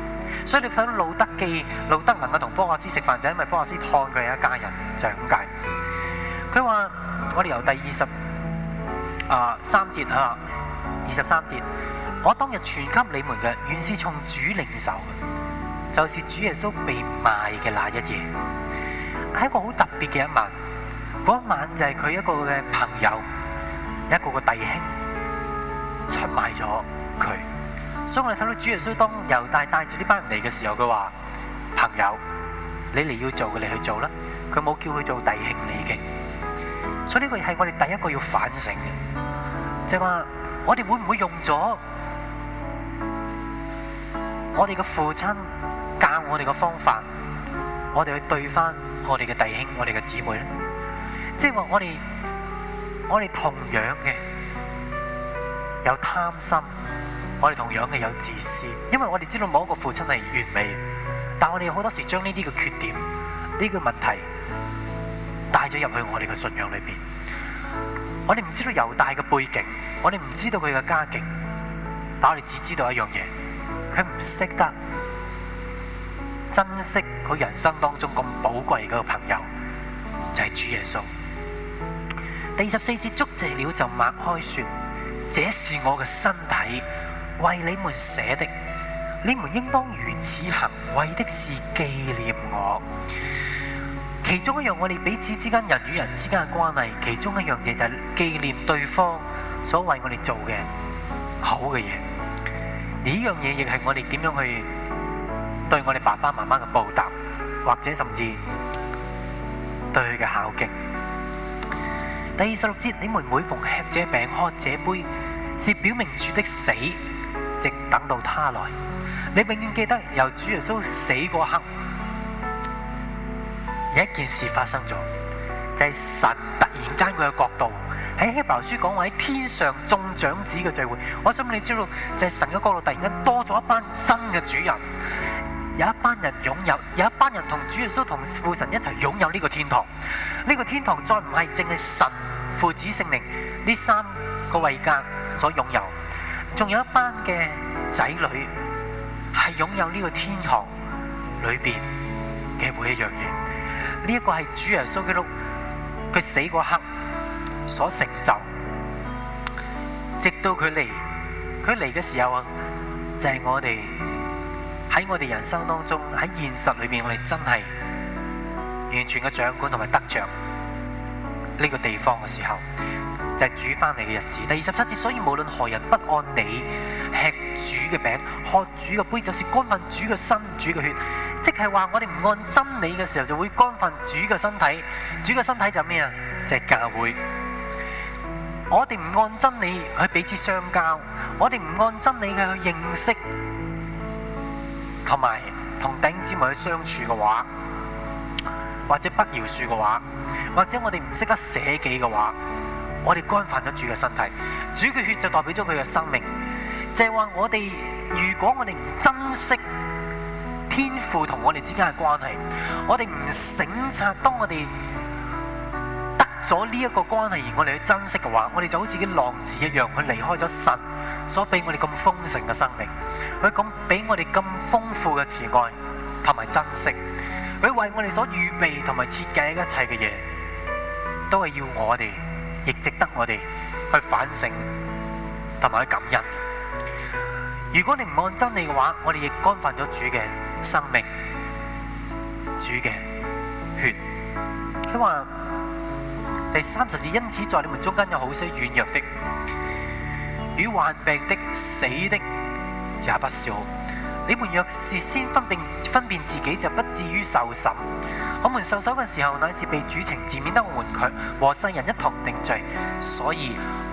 所以你看到路得記、路得能夠同波阿斯食飯就係、因為波阿斯睇佢一家人，就係咁解。佢話：我哋由第二十、啊、三節、啊、二十三節，我當日傳給你們嘅，原是從主領受就似、是、主耶穌被賣嘅那一夜。係一個好特別嘅一晚，嗰晚就係佢一個嘅朋友，一個個弟兄出賣咗佢。所以我哋睇到主耶穌當猶大帶住呢班人嚟嘅時候，佢話：朋友，你嚟要做嘅，你去做啦。佢冇叫佢做弟兄嚟嘅。所以呢個係我哋第一個要反省嘅，就係話我哋會唔會用咗我哋嘅父親教我哋嘅方法，我哋去對翻我哋嘅弟兄、我哋嘅姊妹呢？即係話我哋，我哋同樣嘅有貪心。我哋同樣嘅有自私，因為我哋知道某一個父親係完美，但我哋好多時將呢啲嘅缺點、呢、這個問題帶咗入去我哋嘅信仰裏面。我哋唔知道猶大嘅背景，我哋唔知道佢嘅家境，但我哋只知道一樣嘢，佢唔識得珍惜佢人生當中咁寶貴嗰個朋友，就係、是、主耶穌。第十四節，祝謝了就擘開説：這是我嘅身體。為你們寫的，你們應當如此行，為的是紀念我。其中一樣，我哋彼此之間人與人之間嘅關係，其中一樣嘢就係紀念對方所為我哋做嘅好嘅嘢。呢樣嘢亦係我哋點樣去對我哋爸爸媽媽嘅報答，或者甚至對佢嘅孝敬。第二十六節，你們每逢吃這餅喝這杯，是表明主的死。直等到他來，你永遠記得由主耶穌死嗰刻，有一件事發生咗，就係、是、神突然間佢嘅國度喺《希伯來書》講話喺天上眾長子嘅聚會，我想你知道就係、是、神嘅國度突然間多咗一班新嘅主人，有一班人擁有，有一班人同主耶穌同父神一齊擁有呢個天堂，呢、這個天堂再唔係淨係神父子聖靈呢三個位格所擁有。仲有一班嘅仔女係擁有呢個天堂裏邊嘅每一樣嘢，呢、這、一個係主耶穌基督佢死嗰刻所成就，直到佢嚟，佢嚟嘅時候就係、是、我哋喺我哋人生當中喺現實裏邊我哋真係完全嘅掌管同埋得着呢個地方嘅時候。就主翻嚟嘅日子，第二十七節，所以無論何人不按理吃主嘅餅、喝主嘅杯，就是干犯主嘅身、主嘅血，即係話我哋唔按真理嘅時候，就會干犯主嘅身體。主嘅身體就咩啊？就係教會。我哋唔按真理去彼此相交，我哋唔按真理嘅去認識，同埋同弟兄姊妹去相處嘅話，或者不饒恕嘅話，或者我哋唔識得捨己嘅話。我哋干犯咗主嘅身體，主嘅血就代表咗佢嘅生命，就係話我哋如果我哋唔珍惜天父同我哋之間嘅關係，我哋唔省察，當我哋得咗呢一個關係而我哋去珍惜嘅話，我哋就好似啲浪子一樣，去離開咗神所俾我哋咁豐盛嘅生命，佢咁俾我哋咁豐富嘅慈愛同埋珍惜，佢為我哋所預備同埋設計一切嘅嘢，都係要我哋。亦值得我哋去反省同埋去感恩。如果你唔按真理嘅話，我哋亦干犯咗主嘅生命、主嘅血。佢話第三十字，因此在你們中間有好些軟弱的、與患病的、死的也不少。你們若是先分辨分辨自己，就不至於受審。」我們受審嘅時候，乃是被主懲治，免得我們佢和世人一同定罪，所以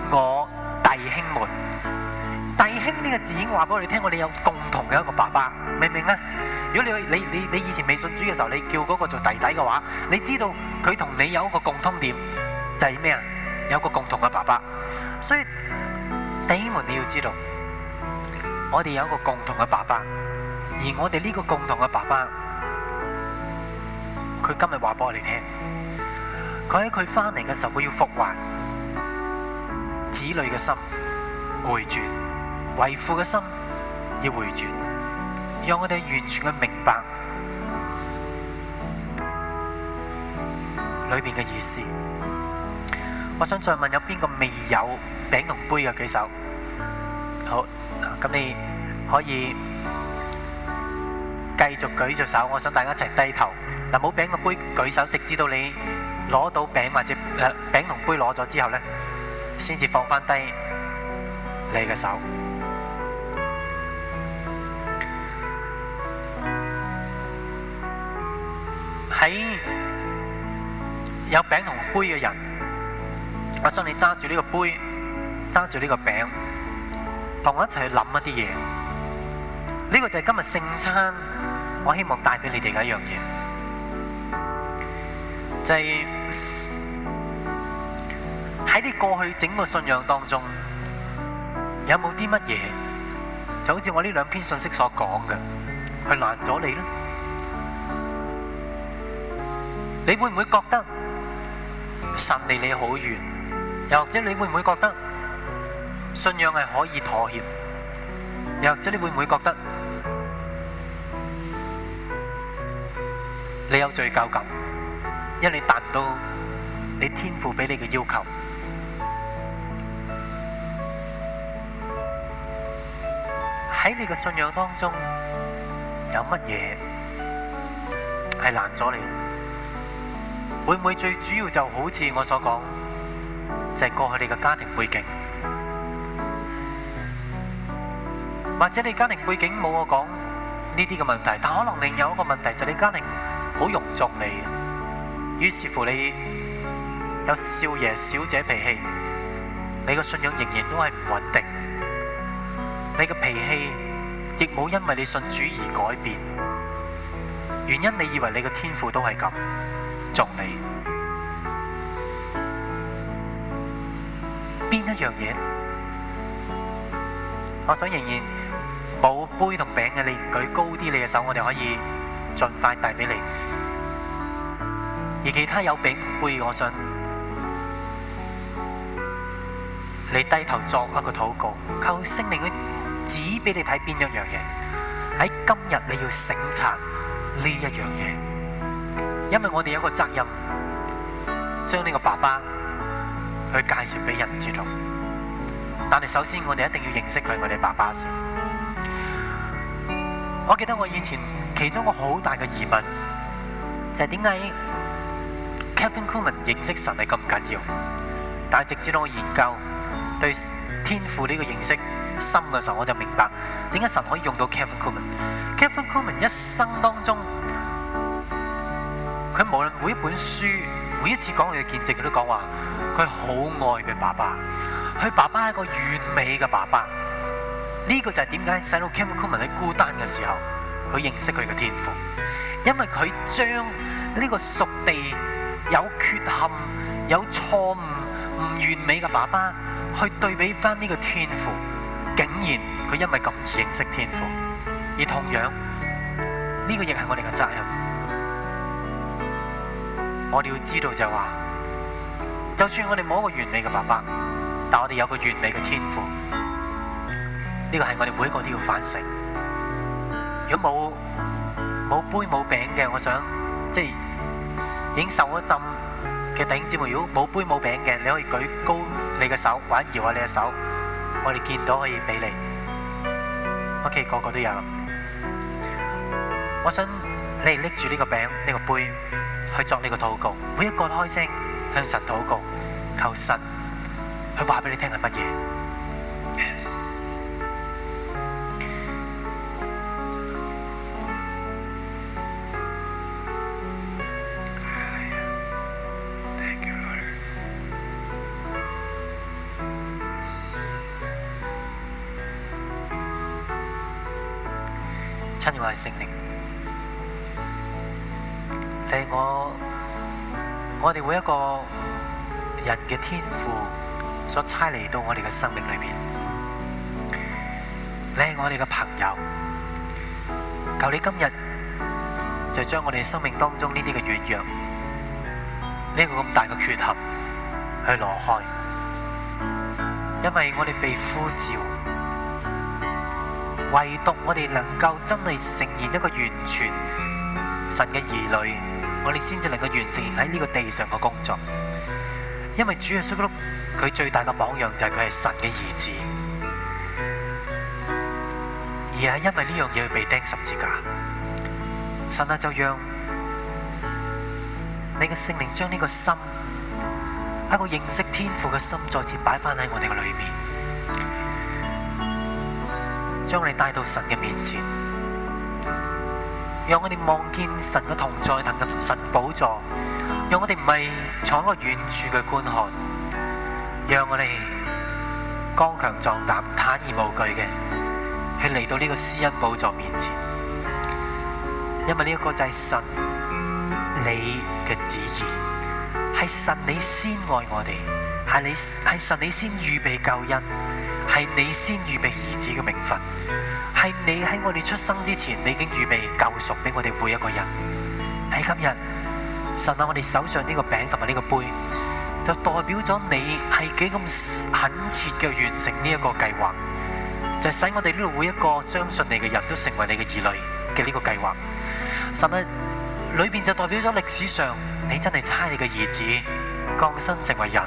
我弟兄們，弟兄呢個字已經話俾我哋聽，我哋有共同嘅一個爸爸，明唔明咧？如果你你你你以前未信主嘅時候，你叫嗰個做弟弟嘅話，你知道佢同你有一個共通點，就係咩啊？有一個共同嘅爸爸，所以弟兄們你要知道，我哋有一個共同嘅爸爸，而我哋呢個共同嘅爸爸。佢今日話俾我哋聽，佢喺佢返嚟嘅時候，佢要復還子女嘅心回轉，為父嘅心要回轉，讓我哋完全嘅明白裏面嘅意思。我想再問有邊個未有餅同杯嘅舉手？好，咁你可以。繼續舉住手，我想大家一齊低頭。嗱，冇餅個杯舉手，直至到你攞到餅或者餅同杯攞咗之後呢，先至放返低你嘅手。喺有餅同杯嘅人，我想你揸住呢個杯，揸住呢個餅，同我一齊去諗一啲嘢。呢個就係今日聖餐，我希望帶俾你哋嘅一樣嘢，就係喺你過去整個信仰當中，有冇啲乜嘢，就好似我呢兩篇信息所講嘅，去攔阻你呢？你會唔會覺得神離你好遠？又或者你會唔會覺得信仰係可以妥協？又或者你會唔會覺得？你有罪疚感，因你達唔到你天父俾你嘅要求。喺你嘅信仰當中有乜嘢係難阻你？會唔會最主要就好似我所講，就係過去你嘅家庭背景，或者你家庭背景冇我講呢啲嘅問題，但可能另有一個問題就係你家庭。好容縱你，於是乎你有少爺小姐脾氣，你個信仰仍然都係唔穩定，你個脾氣亦冇因為你信主而改變，原因你以為你個天父都係咁縱你，邊一樣嘢？我想仍然冇杯同餅嘅，你舉高啲你嘅手，我哋可以。盡快遞俾你，而其他有柄背我，我想你低頭作一個禱告，靠聖靈去指俾你睇邊一樣嘢。喺今日你要省察呢一樣嘢，因為我哋有一個責任，將呢個爸爸去介紹俾人知道。但係首先，我哋一定要認識佢係我哋爸爸先。我記得我以前其中一個好大嘅疑問，就係點解 Kevin Kuhlman 認識神係咁緊要？但係直至當我研究對天父呢個認識深嘅時候，我就明白點解神可以用到、Kevin、Kuhlman。Kevin Kuhlman 一生當中，佢無論每一本書、每一次講佢嘅見證，佢都講話佢好愛佢爸爸，佢爸爸係一個完美嘅爸爸。呢個就係點解使到 Cam Coleman 喺孤單嘅時候，佢認識佢嘅天父，因為佢將呢個屬地有缺陷、有錯誤、唔完美嘅爸爸，去對比翻呢個天父，竟然佢因為咁而認識天父，而同樣呢個亦係我哋嘅責任。我哋要知道就係話，就算我哋冇一個完美嘅爸爸，但我哋有一個完美嘅天父。呢個係我哋每個都要反省。如果冇冇杯冇餅嘅，我想即係已經受咗浸嘅頂姊妹，如果冇杯冇餅嘅，你可以舉高你嘅手或者搖下你嘅手，我哋見到可以俾你。OK，個個都有。我想你哋拎住呢個餅、呢個杯去作呢個禱告，每一個都開聲向神禱告，求神去話俾你聽係乜嘢。真係我係聖靈，你係我，我哋每一個人嘅天賦所差嚟，到我哋嘅生命裏邊，你係我哋嘅朋友，求你今日就將我哋生命當中呢啲嘅軟弱，呢個咁大嘅缺陷去攞開，因為我哋被呼召。唯獨我哋能夠真係呈現一個完全神嘅兒女，我哋先至能夠完成喺呢個地上嘅工作。因為主耶穌基督佢最大嘅榜樣就係佢係神嘅兒子，而係因為呢樣嘢被釘十字架。神啊，就讓你嘅聖靈將呢個心一個認識天父嘅心再次擺返喺我哋嘅裏面。將你帶到神的面前，讓我們望見神的同在，同神嘅神寶座，讓我們唔係坐喺個遠處嘅觀看，讓我們剛強壯膽，坦然無懼嘅去嚟到呢個施恩寶座面前。因為呢個就是神你嘅旨意，是神你先愛我哋，是你係神你先預備救恩，是你先預備兒子嘅名分。係你喺我哋出生之前，你已經預備救贖俾我哋每一個人。喺今日，神喺我哋手上呢個餅同埋呢個杯，就代表咗你係幾咁懇切嘅完成呢一個計劃，就是使我哋呢度，每一個相信你嘅人都成為你嘅兒女嘅呢個計劃。神喺裏邊就代表咗歷史上你真係差你嘅兒子降生成為人，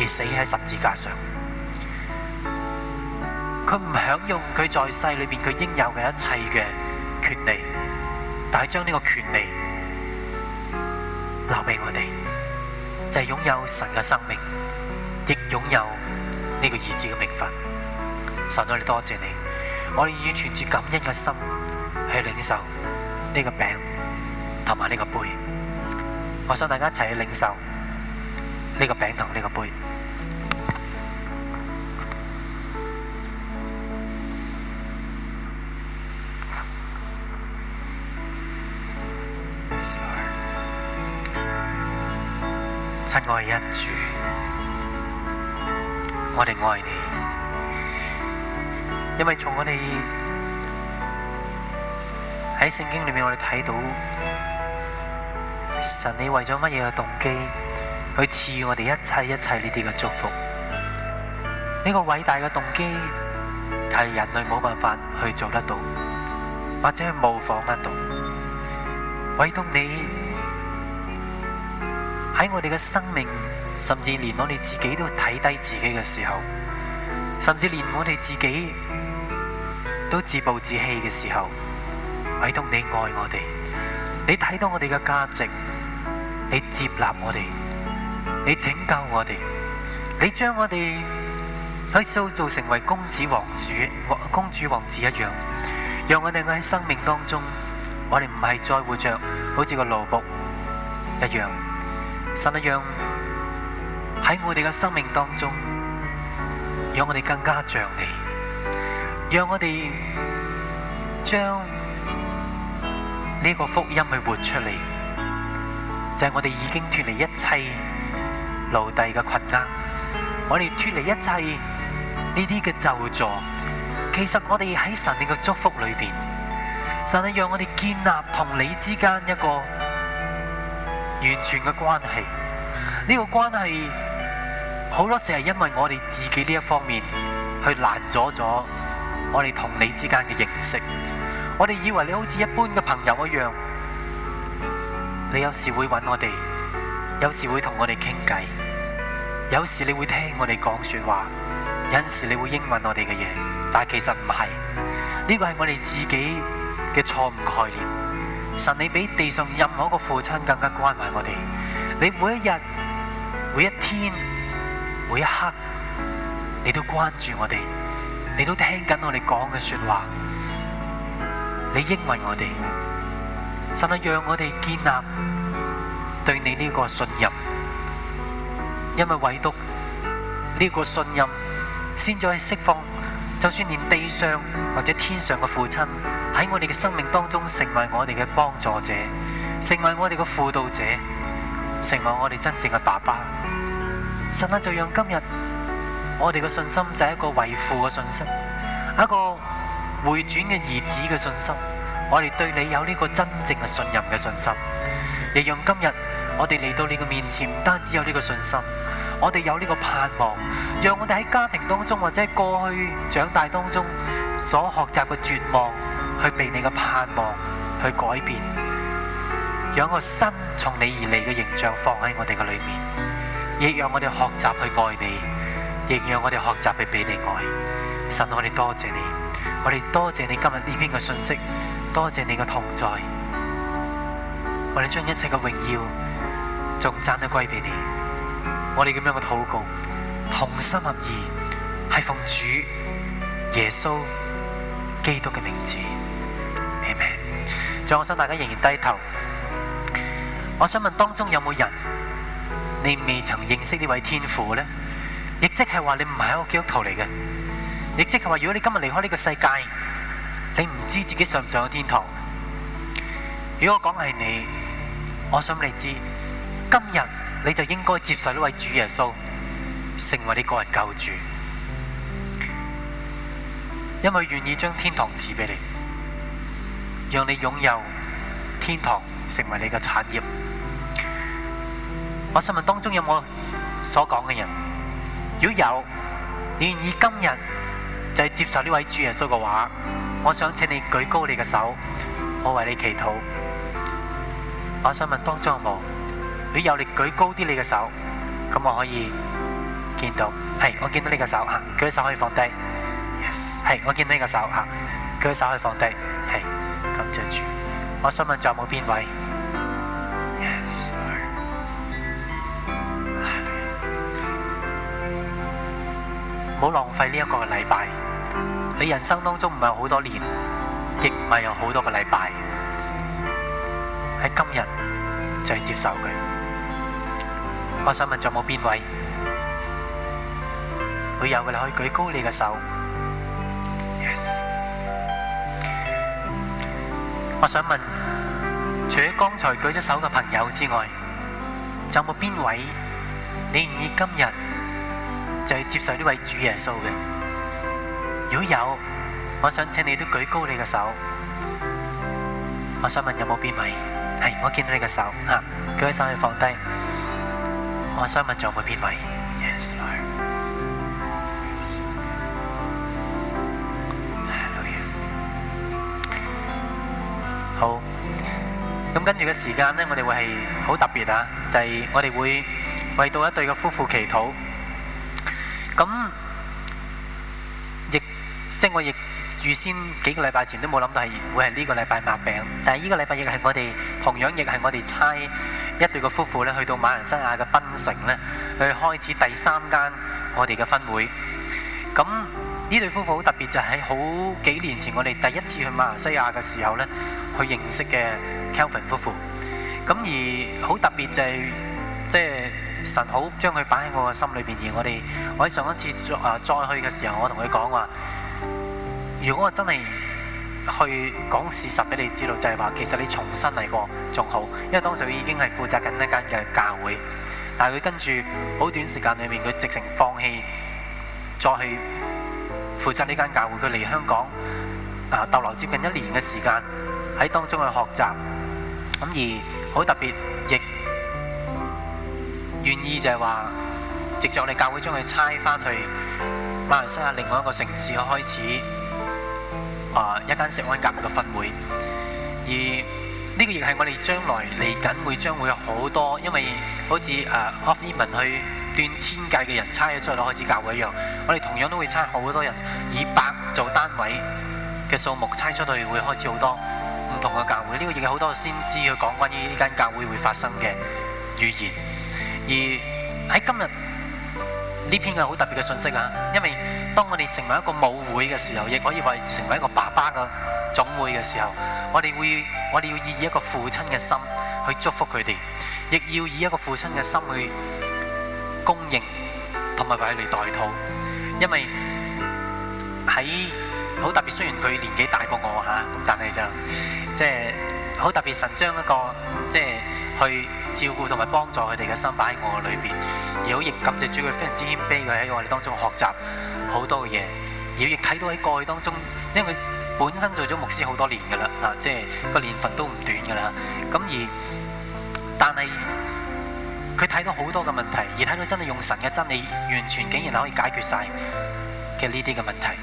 而死喺十字架上。佢唔享用佢在世裏邊佢應有嘅一切嘅權利，但係將呢個權利留俾我哋，就係擁有神嘅生命，亦擁有呢個兒子嘅名分。神啊，我哋多謝你，我哋要存住感恩嘅心去領受呢個餅同埋呢個杯。我想大家一齊去領受呢個餅同呢個杯。親愛恩主，我哋愛你，因為從我哋喺聖經裏面我哋睇到，神你為咗乜嘢嘅動機去賜予我哋一切一切呢啲嘅祝福？呢個偉大嘅動機係人類冇辦法去做得到，或者去模仿得到，唯獨你。喺我哋嘅生命，甚至連我哋自己都睇低自己嘅時候，甚至連我哋自己都自暴自棄嘅時候，唯獨你愛我哋，你睇到我哋嘅價值，你接納我哋，你拯救我哋，你將我哋可以塑造成為公子王子、公主王子一樣，讓我哋喺生命當中，我哋唔係再活着好似個蘿卜一樣。神啊，讓喺我哋嘅生命當中，讓我哋更加像你，讓我哋將呢個福音去活出來，就係我哋已經脱離一切奴隸嘅困厄，我哋脱離一切呢啲嘅咒詛。其實我哋喺神你嘅祝福裏面，神啊，讓我哋建立同你之間一個。完全嘅關係，呢、這個關係好多時係因為我哋自己呢一方面去攔阻咗我哋同你之間嘅認識。我哋以為你好似一般嘅朋友一樣，你有時會揾我哋，有時會同我哋傾偈，有時你會聽我哋講説話，有陣時你會應允我哋嘅嘢，但其實唔係，呢個係我哋自己嘅錯誤概念。神，你比地上任何一個父親更加關懷我哋。你每一日、每一天、每一刻，你都關注我哋，你都聽緊我哋講嘅說話，你應為我哋，甚至讓我哋建立對你呢個信任。因為唯獨呢個信任，先在釋放，就算連地上或者天上嘅父親。喺我哋嘅生命當中，成為我哋嘅幫助者，成為我哋嘅輔導者，成為我哋真正嘅爸爸。神啦，就讓今日我哋嘅信心就係一個為父嘅信心，一個回轉嘅兒子嘅信心。我哋對你有呢個真正嘅信任嘅信心。亦讓今日我哋嚟到你嘅面前，唔單止有呢個信心，我哋有呢個盼望。讓我哋喺家庭當中或者過去長大當中所學習嘅絕望。去被你嘅盼望去改變，讓個心從你而嚟嘅形象放喺我哋嘅裏面，亦讓我哋學習去愛你，亦讓我哋學習去俾你愛。神，我哋多謝你，我哋多謝你今日呢邊嘅信息，多謝你嘅同在，我哋將一切嘅榮耀，頌讚都歸俾你。我哋咁樣嘅禱告，同心合意，係奉主耶穌基督嘅名字。在我想大家仍然低頭，我想問當中有冇人你未曾認識呢位天父呢？亦即係話你唔係一個基督徒嚟嘅，亦即係話如果你今日離開呢個世界，你唔知自己上唔上天堂。如果我講係你，我想你知，今日你就應該接受呢位主耶穌成為你個人救主，因為願意將天堂賜畀你。讓你擁有天堂，成為你個產業。我想問當中有冇所講嘅人？如果有，你願意今日就去接受呢位主耶穌嘅話，我想請你舉高你嘅手，我為你祈禱。我想問當中有冇？你有力舉高啲你嘅手，咁我可以見到。係，我見到你個手啊，舉手可以放低。係，yes。我見到你個手啊，舉手可以放低。係。我想問仲有冇邊位？唔好浪費呢一個禮拜。你人生當中唔係有好多年，亦唔係有好多個禮拜。喺今日就要接受佢。我想問仲有冇邊位？會有嘅你可以舉高你嘅手。我想問，除咗剛才舉咗手嘅朋友之外，就有冇邊位你願意今日就要接受呢位主耶穌嘅？如果有，我想請你都舉高你嘅手。我想問有冇邊位？係、哎、我見到你嘅手啊，舉起手去放低。我想問仲有冇邊位？Yes, Sorry. 跟住嘅時間咧，我哋會係好特別啊！就係我哋會為到一對嘅夫婦祈禱。咁亦即係我亦預先幾個禮拜前都冇諗到係會係呢個禮拜擘餅，但係呢個禮拜亦係我哋同樣亦係我哋差一對嘅夫婦咧，去到馬來西亞嘅檳城咧，去開始第三間我哋嘅分會。咁呢對夫婦好特別，就係好幾年前我哋第一次去馬來西亞嘅時候呢，去認識嘅 Calvin 夫婦。咁而好特別就係，即係神好將佢擺喺我嘅心裏邊。而我哋我喺上一次再去嘅時候，我同佢講話：如果我真係去講事實俾你知道，就係話其實你重新嚟過仲好，因為當時佢已經係負責緊一間嘅教會。但係佢跟住好短時間裏面，佢直情放棄再去。負責呢間教會，佢嚟香港啊，逗留接近一年嘅時間，喺當中去學習，咁、嗯、而好特別亦願意就係話，藉着我哋教會將佢差返去馬來西亞另外一個城市去開始啊一間聖安教會嘅分會，而呢個亦係我哋將來嚟緊會將會有好多，因為好似啊阿依文去。端千計嘅人猜咗出嚟，開始教會一樣，我哋同樣都會猜好多人以百做單位嘅數目猜出去會開始好多唔同嘅教會呢，呢個亦有好多先知去講關於呢間教會會發生嘅預言。而喺今日呢篇嘅好特別嘅信息啊，因為當我哋成為一個母會嘅時候，亦可以話成為一個爸爸嘅總會嘅時候，我哋會，我哋要以一個父親嘅心去祝福佢哋，亦要以一個父親嘅心去。供應，同埋為佢哋代禱，因為喺好特別。雖然佢年紀大過我吓，但係就即係好特別，神將一個即係去照顧同埋幫助佢哋嘅心擺喺我裏邊。而我亦感謝主，佢非常之謙卑，佢喺我哋當中學習好多嘅嘢。而我亦睇到喺過去當中，因為佢本身做咗牧師好多年㗎啦，嗱，即係個年份都唔短㗎啦。咁而但係。佢睇到好多嘅問題，而睇到真係用神嘅真理，完全竟然可以解決晒嘅呢啲嘅問題。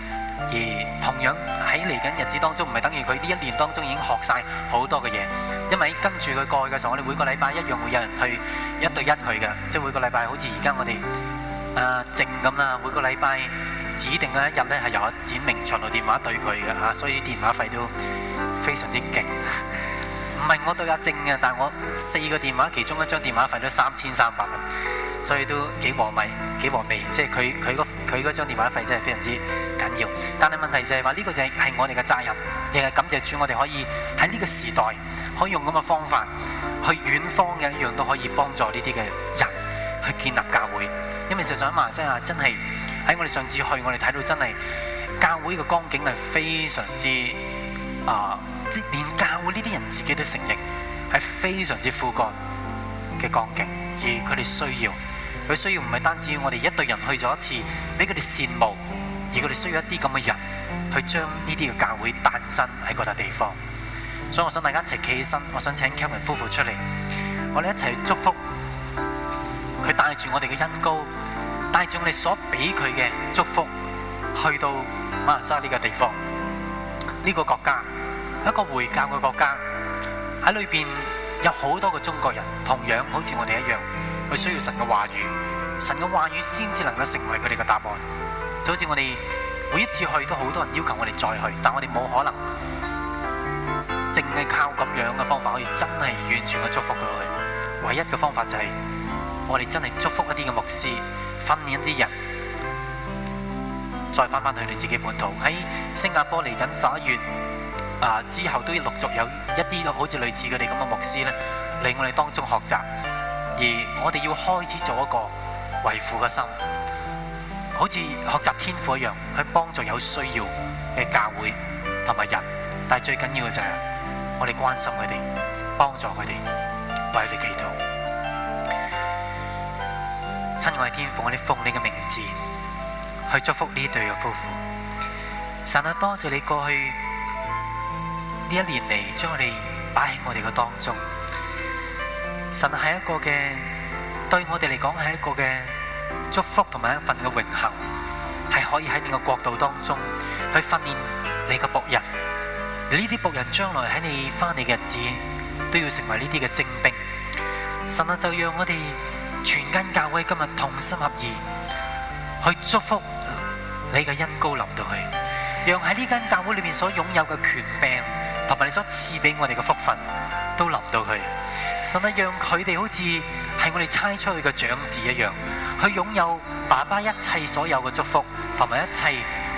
而同樣喺嚟緊日子當中，唔係等於佢呢一年當中已經學晒好多嘅嘢。因為跟住佢過去嘅時候，我哋每個禮拜一樣會有人去一對一佢嘅，即係每個禮拜好似而家我哋啊靜咁啦，每個禮拜指定嘅一日咧係由展明長途電話對佢嘅嚇，所以電話費都非常之勁。唔係我對阿正嘅，但係我四個電話其中一張電話費都三千三百蚊，所以都幾和味、幾和味。即係佢佢佢嗰張電話費真係非常之緊要。但係問題就係話呢個就係我哋嘅責任，亦係感謝主，我哋可以喺呢個時代可以用咁嘅方法去遠方嘅一樣都可以幫助呢啲嘅人去建立教會。因為實想話真係真係喺我哋上次去，我哋睇到真係教會嘅光景係非常之啊。呃連教會呢啲人自己都承認係非常之枯乾嘅光景，而佢哋需要，佢需要唔係單止要我哋一隊人去咗一次，俾佢哋羨慕，而佢哋需要一啲咁嘅人去將呢啲嘅教會誕生喺嗰笪地方。所以我想大家一齊企起身，我想請 Kevin 夫婦出嚟，我哋一齊祝福佢帶住我哋嘅恩膏，帶住我哋所俾佢嘅祝福，去到馬來西亞呢個地方，呢、這個國家。一個回教嘅國家，喺裏面有好多嘅中國人，同樣好似我哋一樣，佢需要神嘅話語，神嘅話語先至能夠成為佢哋嘅答案。就好似我哋每一次去都好多人要求我哋再去，但我哋冇可能淨係靠咁樣嘅方法可以真係完全嘅祝福佢哋。唯一嘅方法就係我哋真係祝福一啲嘅牧師，訓練一啲人，再翻返去你自己本土。喺新加坡嚟緊十一月。啊！之後都要陸續有一啲咁好似類似佢哋咁嘅牧師咧，令我哋當中學習。而我哋要開始做一個為父嘅心，好似學習天父一樣，去幫助有需要嘅教會同埋人。但係最緊要嘅就係我哋關心佢哋，幫助佢哋，為佢哋祈禱。親愛嘅天父，我哋奉你嘅名字，去祝福呢對嘅夫婦。神啊，多謝你過去。呢一年嚟將我哋擺喺我哋嘅當中，神係一個嘅對我哋嚟講係一個嘅祝福同埋一份嘅榮幸，係可以喺你個國度當中去訓練你嘅僕人，呢啲僕人將來喺你翻嚟嘅日子都要成為呢啲嘅精兵。神啊，就讓我哋全間教會今日同心合意去祝福你嘅恩膏臨到去，讓喺呢間教會裏面所擁有嘅權柄，同埋你所賜俾我哋嘅福分，都臨到佢，神啊，讓佢哋好似係我哋猜出佢嘅長子一樣，去擁有爸爸一切所有嘅祝福同埋一切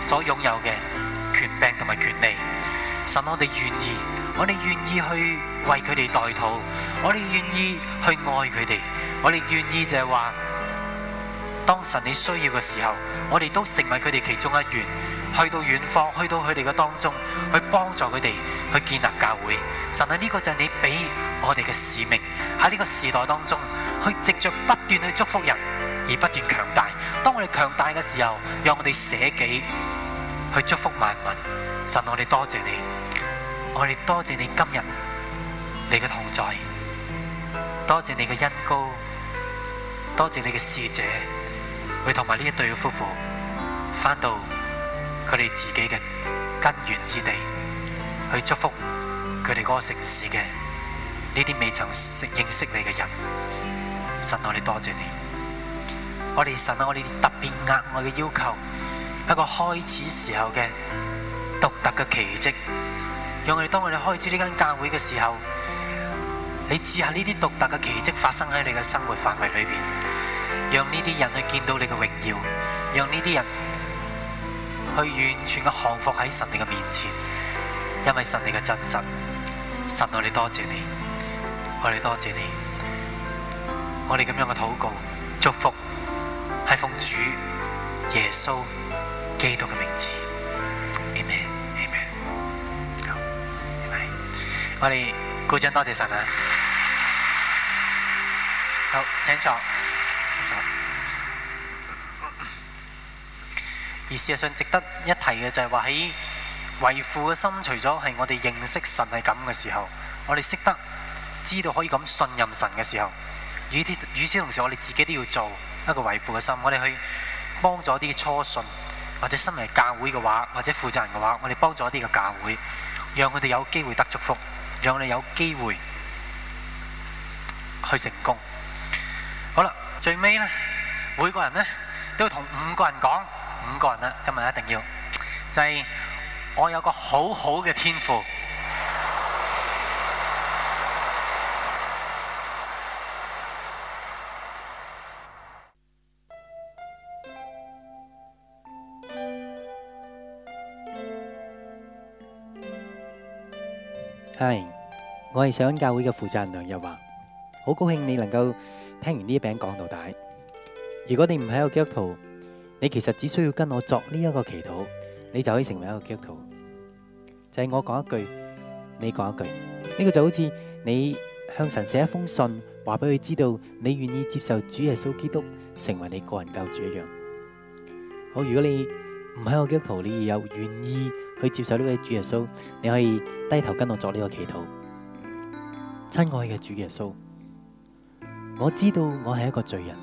所擁有嘅權柄同埋權利。神，我哋願意，我哋願意去為佢哋代禱，我哋願意去愛佢哋，我哋願意就係話，當神你需要嘅時候，我哋都成為佢哋其中一員。去到遠方，去到佢哋嘅當中，去幫助佢哋，去建立教會。神，喺呢個就係你俾我哋嘅使命，喺呢個時代當中，去藉著不斷去祝福人，而不斷強大。當我哋強大嘅時候，讓我哋捨己去祝福萬民。神，我哋多謝你，我哋多謝你今日你嘅同在，多謝你嘅恩膏，多謝你嘅使者，佢同埋呢一對嘅夫婦翻到。佢哋自己嘅根源之地，去祝福佢哋嗰個城市嘅呢啲未曾識認識你嘅人，神，我哋多謝你，我哋神，我哋特別額外嘅要求，一個開始時候嘅獨特嘅奇蹟，讓我哋當我哋開始呢間教會嘅時候，你賜下呢啲獨特嘅奇蹟發生喺你嘅生活範圍裏邊，讓呢啲人去見到你嘅榮耀，讓呢啲人，去完全嘅降服喺神你嘅面前，因為神你嘅真實，神我哋多謝你，我哋多謝你，我哋咁樣嘅禱告祝福，係奉主耶穌基督嘅名字，阿門，阿門。好，阿門。我哋鼓掌多謝神啊，好，請坐。而事實上，值得一提嘅就係話喺為父嘅心，除咗係我哋認識神係咁嘅時候，我哋識得知道可以咁信任神嘅時候，與此與此同時，我哋自己都要做一個為父嘅心，我哋去幫助一啲初信或者新嚟教會嘅話，或者負責人嘅話，我哋幫助一啲嘅教會，讓佢哋有機會得祝福，讓佢哋有機會去成功。好啦，最尾呢，每個人呢都要同五個人講。五個人啦，今日一定要就係我有個好好嘅天賦。係，我係上教會嘅負責人梁日華，好高興你能夠聽完呢一餅講到底。如果你唔係個基督徒，你其實只需要跟我作呢一個祈禱，你就可以成為一個基督徒。就係我講一句，你講一句，呢個就好似你向神寫一封信，話俾佢知道你願意接受主耶穌基督成為你個人救主一樣。好，如果你唔係我基督徒，你又願意去接受呢位主耶穌，你可以低頭跟我作呢個祈禱。親愛嘅主耶穌，我知道我係一個罪人。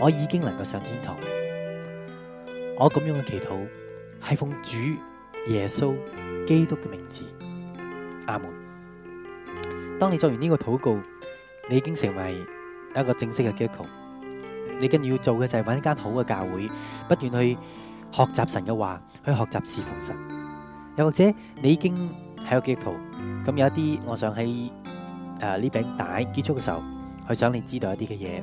我已經能夠上天堂。我咁樣嘅祈禱係奉主耶穌基督嘅名字，阿門。當你做完呢個禱告，你已經成為一個正式嘅基督徒。你跟住要做嘅就係揾間好嘅教會，不斷去學習神嘅話，去學習侍奉神。又或者你已經係個基督徒，咁有一啲，我想喺誒呢餅帶結束嘅時候，去想你知道一啲嘅嘢。